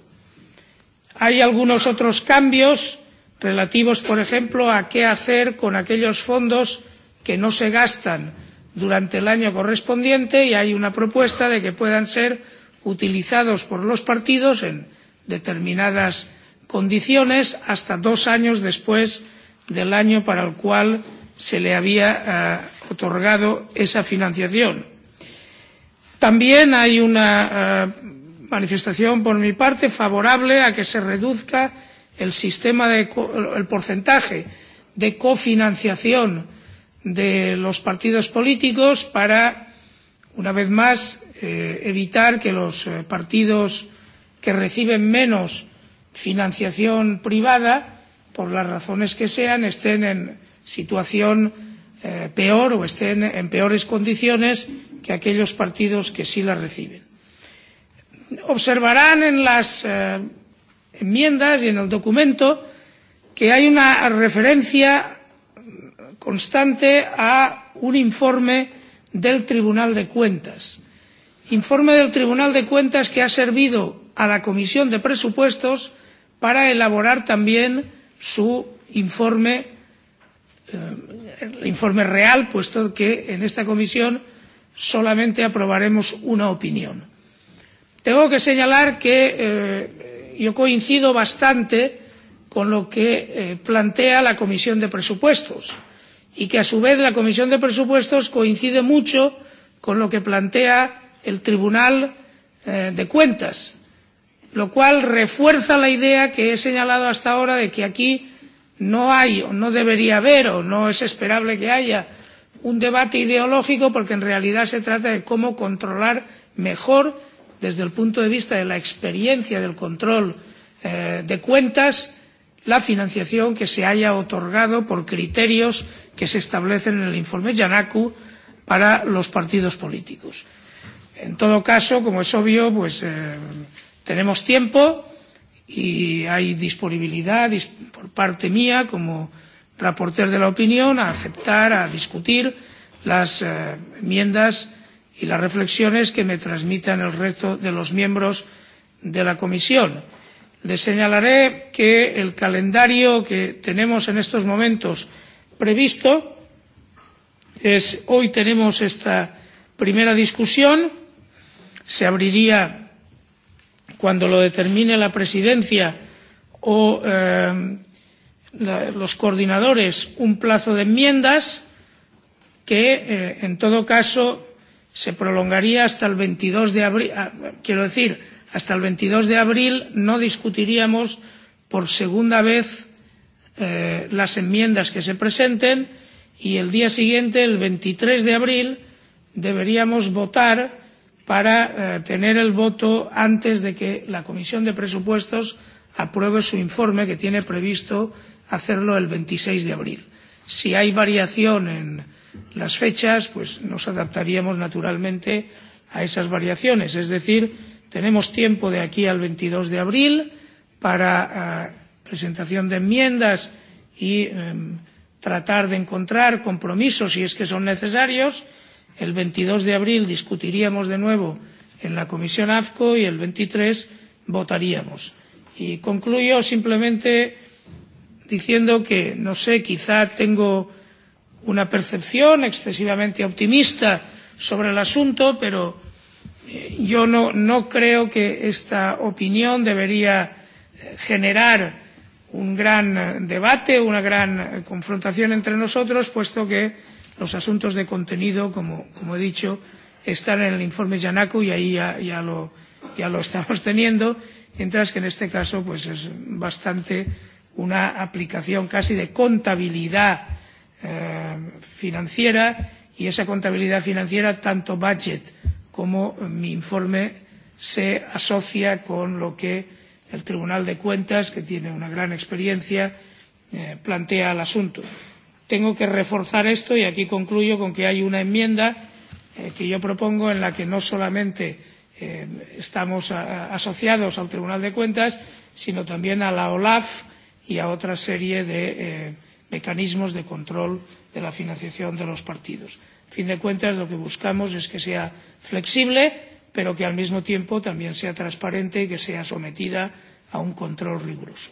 [SPEAKER 7] Hay algunos otros cambios relativos, por ejemplo, a qué hacer con aquellos fondos que no se gastan durante el año correspondiente y hay una propuesta de que puedan ser utilizados por los partidos en determinadas condiciones hasta dos años después del año para el cual se le había eh, otorgado esa financiación. También hay una eh, manifestación por mi parte favorable a que se reduzca el sistema de el porcentaje de cofinanciación de los partidos políticos para una vez más eh, evitar que los eh, partidos que reciben menos financiación privada por las razones que sean estén en situación eh, peor o estén en peores condiciones que aquellos partidos que sí la reciben. Observarán en las eh, enmiendas y en el documento que hay una referencia constante a un informe del Tribunal de Cuentas informe del Tribunal de Cuentas que ha servido a la Comisión de Presupuestos para elaborar también su informe, eh, el informe real, puesto que en esta comisión solamente aprobaremos una opinión. Tengo que señalar que eh, yo coincido bastante con lo que eh, plantea la Comisión de Presupuestos y que a su vez la Comisión de Presupuestos coincide mucho con lo que plantea el Tribunal eh, de Cuentas, lo cual refuerza la idea que he señalado hasta ahora de que aquí no hay o no debería haber o no es esperable que haya un debate ideológico porque en realidad se trata de cómo controlar mejor desde el punto de vista de la experiencia del control eh, de cuentas la financiación que se haya otorgado por criterios que se establecen en el informe giannakou para los partidos políticos. En todo caso, como es obvio, pues eh, tenemos tiempo y hay disponibilidad por parte mía como reporter de la opinión a aceptar, a discutir las eh, enmiendas y las reflexiones que me transmitan el resto de los miembros de la comisión. Le señalaré que el calendario que tenemos en estos momentos previsto es hoy tenemos esta primera discusión se abriría cuando lo determine la presidencia o eh, la, los coordinadores un plazo de enmiendas que eh, en todo caso se prolongaría hasta el 22 de abril. Ah, quiero decir, hasta el 22 de abril no discutiríamos por segunda vez eh, las enmiendas que se presenten y el día siguiente, el 23 de abril, deberíamos votar para eh, tener el voto antes de que la Comisión de Presupuestos apruebe su informe, que tiene previsto hacerlo el 26 de abril. Si hay variación en las fechas, pues nos adaptaríamos naturalmente a esas variaciones. Es decir, tenemos tiempo de aquí al 22 de abril para eh, presentación de enmiendas y eh, tratar de encontrar compromisos si es que son necesarios el 22 de abril discutiríamos de nuevo en la comisión afco y el 23 votaríamos. Y concluyo simplemente diciendo que, no sé, quizá tengo una percepción excesivamente optimista sobre el asunto, pero eh, yo no, no creo que esta opinión debería eh, generar un gran debate, una gran confrontación entre nosotros, puesto que los asuntos de contenido, como, como he dicho, están en el informe Yanaku y ahí ya, ya, lo, ya lo estamos teniendo, mientras que en este caso pues es bastante una aplicación casi de contabilidad eh, financiera y esa contabilidad financiera, tanto budget como eh, mi informe, se asocia con lo que el Tribunal de Cuentas, que tiene una gran experiencia, eh, plantea al asunto tengo que reforzar esto y aquí concluyo con que hay una enmienda eh, que yo propongo en la que no solamente eh, estamos a, asociados al Tribunal de Cuentas, sino también a la OLAF y a otra serie de eh, mecanismos de control de la financiación de los partidos. A fin de cuentas, lo que buscamos es que sea flexible, pero que al mismo tiempo también sea transparente y que sea sometida a un control riguroso.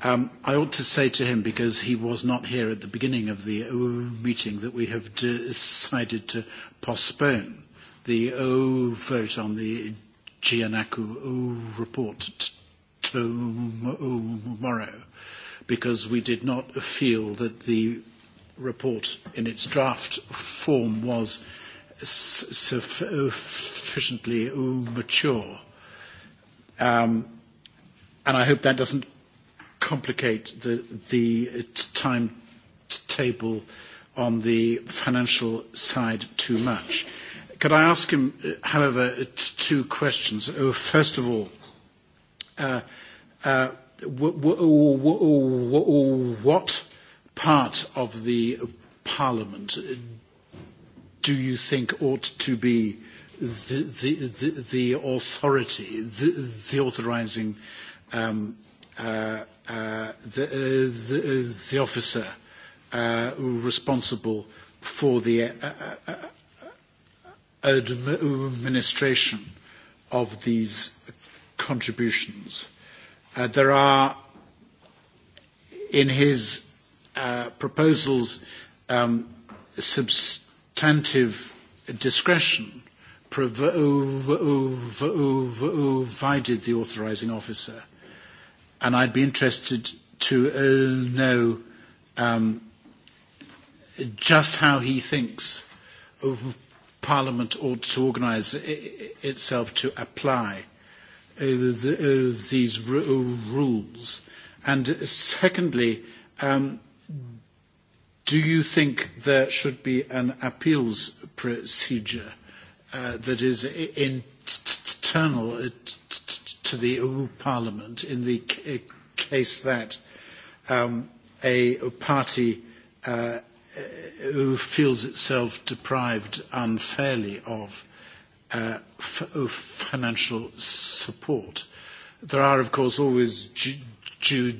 [SPEAKER 2] Um, I ought to say to him, because he was not here at the beginning of the uh, meeting, that we have decided to postpone the uh, vote on the Giannaku uh, report tomorrow, because we did not feel that the report in its draft form was sufficiently mature. Um, and I hope that doesn't complicate the, uh, time timetable on the financial side too much. Could I ask him, uh, however, uh, two questions? First of all, what part of the parliament do you think ought to be the, authority, the authorizing um, Uh, uh, uh, the, uh, the, officer uh, responsible for the uh, administration of these contributions. Uh, there are in his uh, proposals um, substantive discretion provided the authorising officer and I'd be interested to uh, know um, just how he thinks Parliament ought to organise itself to apply uh, the, uh, these uh, rules. And secondly, um, do you think there should be an appeals procedure uh, that is in external uh, to the Parliament in the uh, case that um, a party uh, uh, who feels itself deprived unfairly of uh, financial support. There are, of course, always due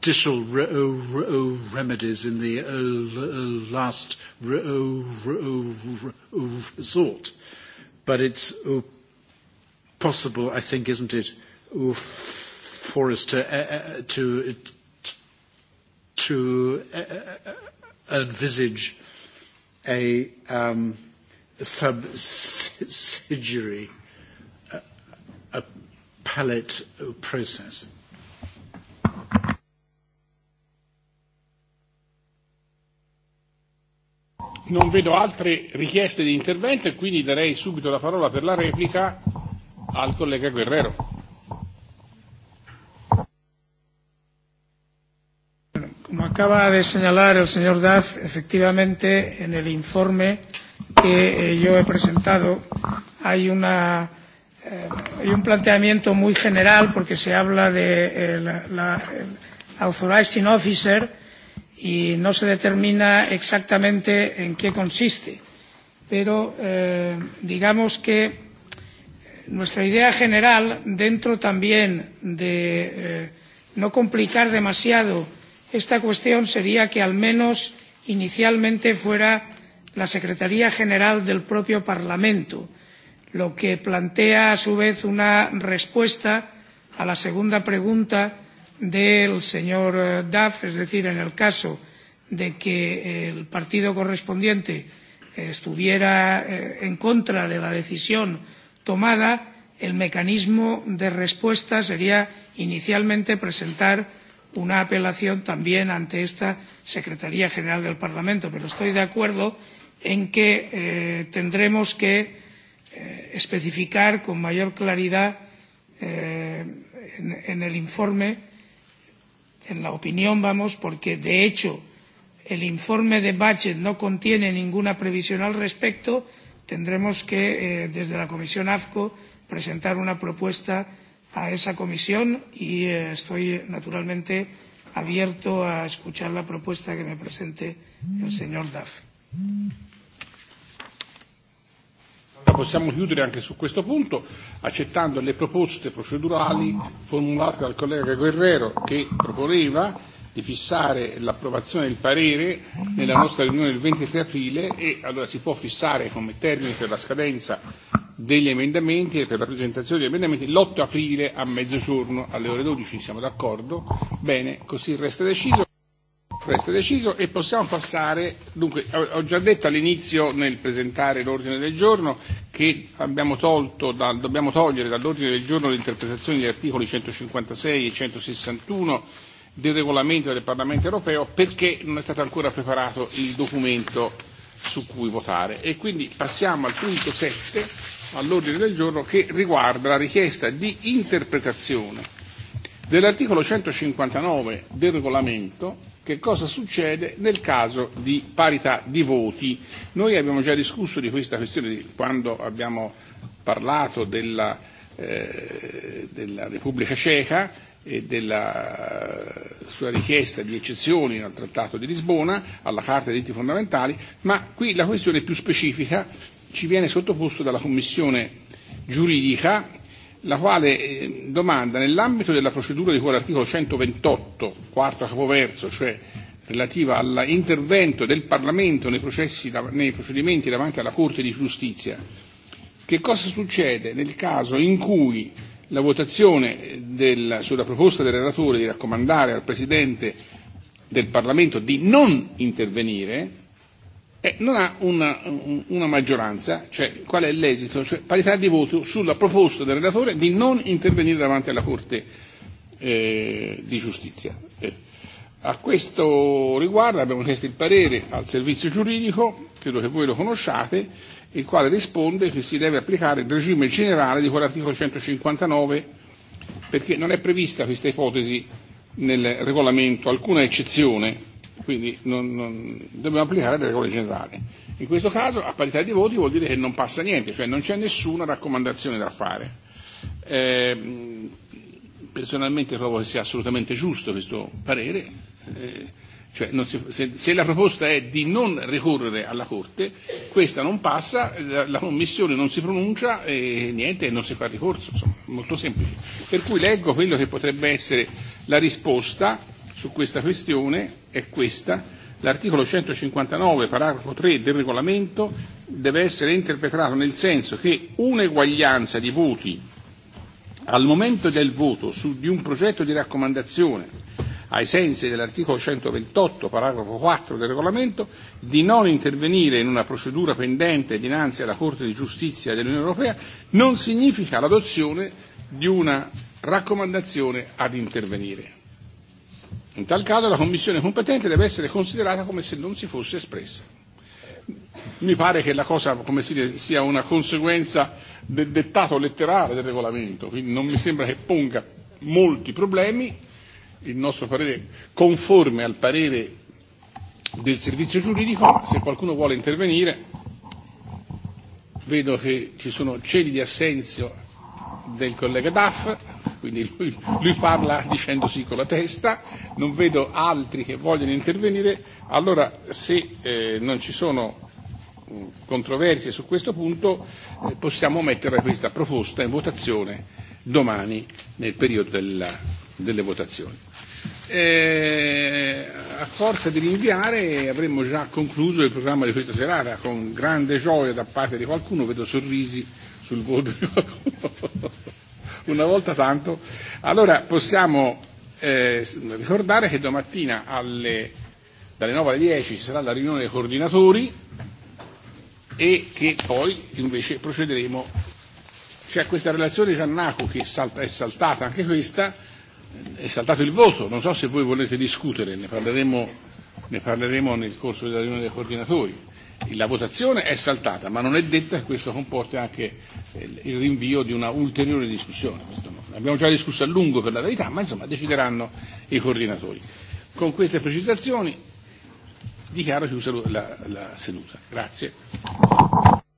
[SPEAKER 2] judicial uh, uh, remedies in the uh, last resort. But it's possible, I think, isn't it, for us to, to, to envisage a um, subsidiary appellate process.
[SPEAKER 1] Non vedo altre richieste di intervento e quindi darei subito la parola per la replica al collega Guerrero.
[SPEAKER 7] Como acaba de señalar el señor Duff, efectivamente en el informe que eh, yo he presentado hay una eh, hay un planteamiento muy general porque se habla de eh, la, la el authorizing officer eh, y no se determina exactamente en qué consiste pero eh, digamos que nuestra idea general dentro también de eh, no complicar demasiado esta cuestión sería que al menos inicialmente fuera la secretaría general del propio parlamento lo que plantea a su vez una respuesta a la segunda pregunta del señor eh, Duff, es decir, en el caso de que el partido correspondiente eh, estuviera eh, en contra de la decisión tomada, el mecanismo de respuesta sería inicialmente presentar una apelación también ante esta Secretaría General del Parlamento. Pero estoy de acuerdo en que eh, tendremos que eh, especificar con mayor claridad eh, en, en el informe en la opinión vamos porque de hecho el informe de budget no contiene ninguna previsión al respecto tendremos que eh, desde la comisión afco presentar una propuesta a esa comisión y eh, estoy naturalmente abierto a escuchar la propuesta que me presente el señor duff.
[SPEAKER 1] La possiamo chiudere anche su questo punto accettando le proposte procedurali formulate dal collega Guerrero che proponeva di fissare l'approvazione del parere nella nostra riunione del 23 aprile e allora si può fissare come termine per la scadenza degli emendamenti e per la presentazione degli emendamenti l'8 aprile a mezzogiorno alle ore 12. Siamo d'accordo? Bene, così resta deciso. Resta deciso e possiamo passare, dunque ho già detto all'inizio nel presentare l'ordine del giorno che abbiamo tolto da, dobbiamo togliere dall'ordine del giorno l'interpretazione degli articoli 156 e 161 del regolamento del Parlamento europeo perché non è stato ancora preparato il documento su cui votare e quindi passiamo al punto 7 all'ordine del giorno che riguarda la richiesta di interpretazione dell'articolo 159 del regolamento che cosa succede nel caso di parità di voti. Noi abbiamo già discusso di questa questione quando abbiamo parlato della, eh, della Repubblica Ceca e della sua richiesta di eccezioni al Trattato di Lisbona, alla Carta dei diritti fondamentali, ma qui la questione più specifica ci viene sottoposta dalla Commissione giuridica la quale eh, domanda nell'ambito della procedura di cui all'articolo 128, quarto capoverso, cioè relativa all'intervento del Parlamento nei, processi, nei procedimenti davanti alla Corte di giustizia, che cosa succede nel caso in cui la votazione eh, del, sulla proposta del relatore di raccomandare al Presidente del Parlamento di non intervenire eh, non ha una, una maggioranza, cioè qual è l'esito, cioè parità di voto sulla proposta del relatore di non intervenire davanti alla Corte eh, di giustizia. Eh. A questo riguardo abbiamo chiesto il parere al servizio giuridico, credo che voi lo conosciate, il quale risponde che si deve applicare il regime generale di quell'articolo 159 perché non è prevista questa ipotesi nel regolamento alcuna eccezione Quindi non, non, dobbiamo applicare le regole generali. In questo caso, a parità di voti, vuol dire che non passa niente, cioè non c'è nessuna raccomandazione da fare. Eh, personalmente trovo che sia assolutamente giusto questo parere. Eh, cioè non si, se, se la proposta è di non ricorrere alla Corte, questa non passa, la, la Commissione non si pronuncia e niente, non si fa ricorso, insomma, molto semplice. Per cui leggo quello che potrebbe essere la risposta su questa questione è questa. L'articolo 159, paragrafo 3 del regolamento deve essere interpretato nel senso che un'eguaglianza di voti al momento del voto su di un progetto di raccomandazione ai sensi dell'articolo 128, paragrafo 4 del regolamento, di non intervenire in una procedura pendente dinanzi alla Corte di giustizia dell'Unione Europea non significa l'adozione di una raccomandazione ad intervenire. In tal caso la Commissione competente deve essere considerata come se non si fosse espressa. Mi pare che la cosa come si dice, sia una conseguenza del dettato letterale del regolamento, quindi non mi sembra che ponga molti problemi. Il nostro parere conforme al parere del servizio giuridico, se qualcuno vuole intervenire vedo che ci sono cedi di assenzio del collega Daff quindi lui, lui parla dicendo sì con la testa, non vedo altri che vogliono intervenire, allora se eh, non ci sono mm, controversie su questo punto eh, possiamo mettere questa proposta in votazione domani nel periodo della, delle votazioni. Eh, a forza di rinviare avremmo già concluso il programma di questa serata con grande gioia da parte di qualcuno, vedo sorrisi sul volto di qualcuno. una volta tanto. Allora possiamo eh, ricordare che domattina alle, dalle 9 alle 10 ci sarà la riunione dei coordinatori e che poi invece procederemo. C'è questa relazione Giannaco che salta, è saltata anche questa, è saltato il voto, non so se voi volete discutere, ne parleremo, ne parleremo nel corso della riunione dei coordinatori la votazione è saltata, ma non è detto che questo comporti anche il rinvio di una ulteriore discussione. No. Abbiamo già discusso a lungo per la verità, ma insomma decideranno i coordinatori. Con queste precisazioni dichiaro chiusa la, la seduta. Grazie.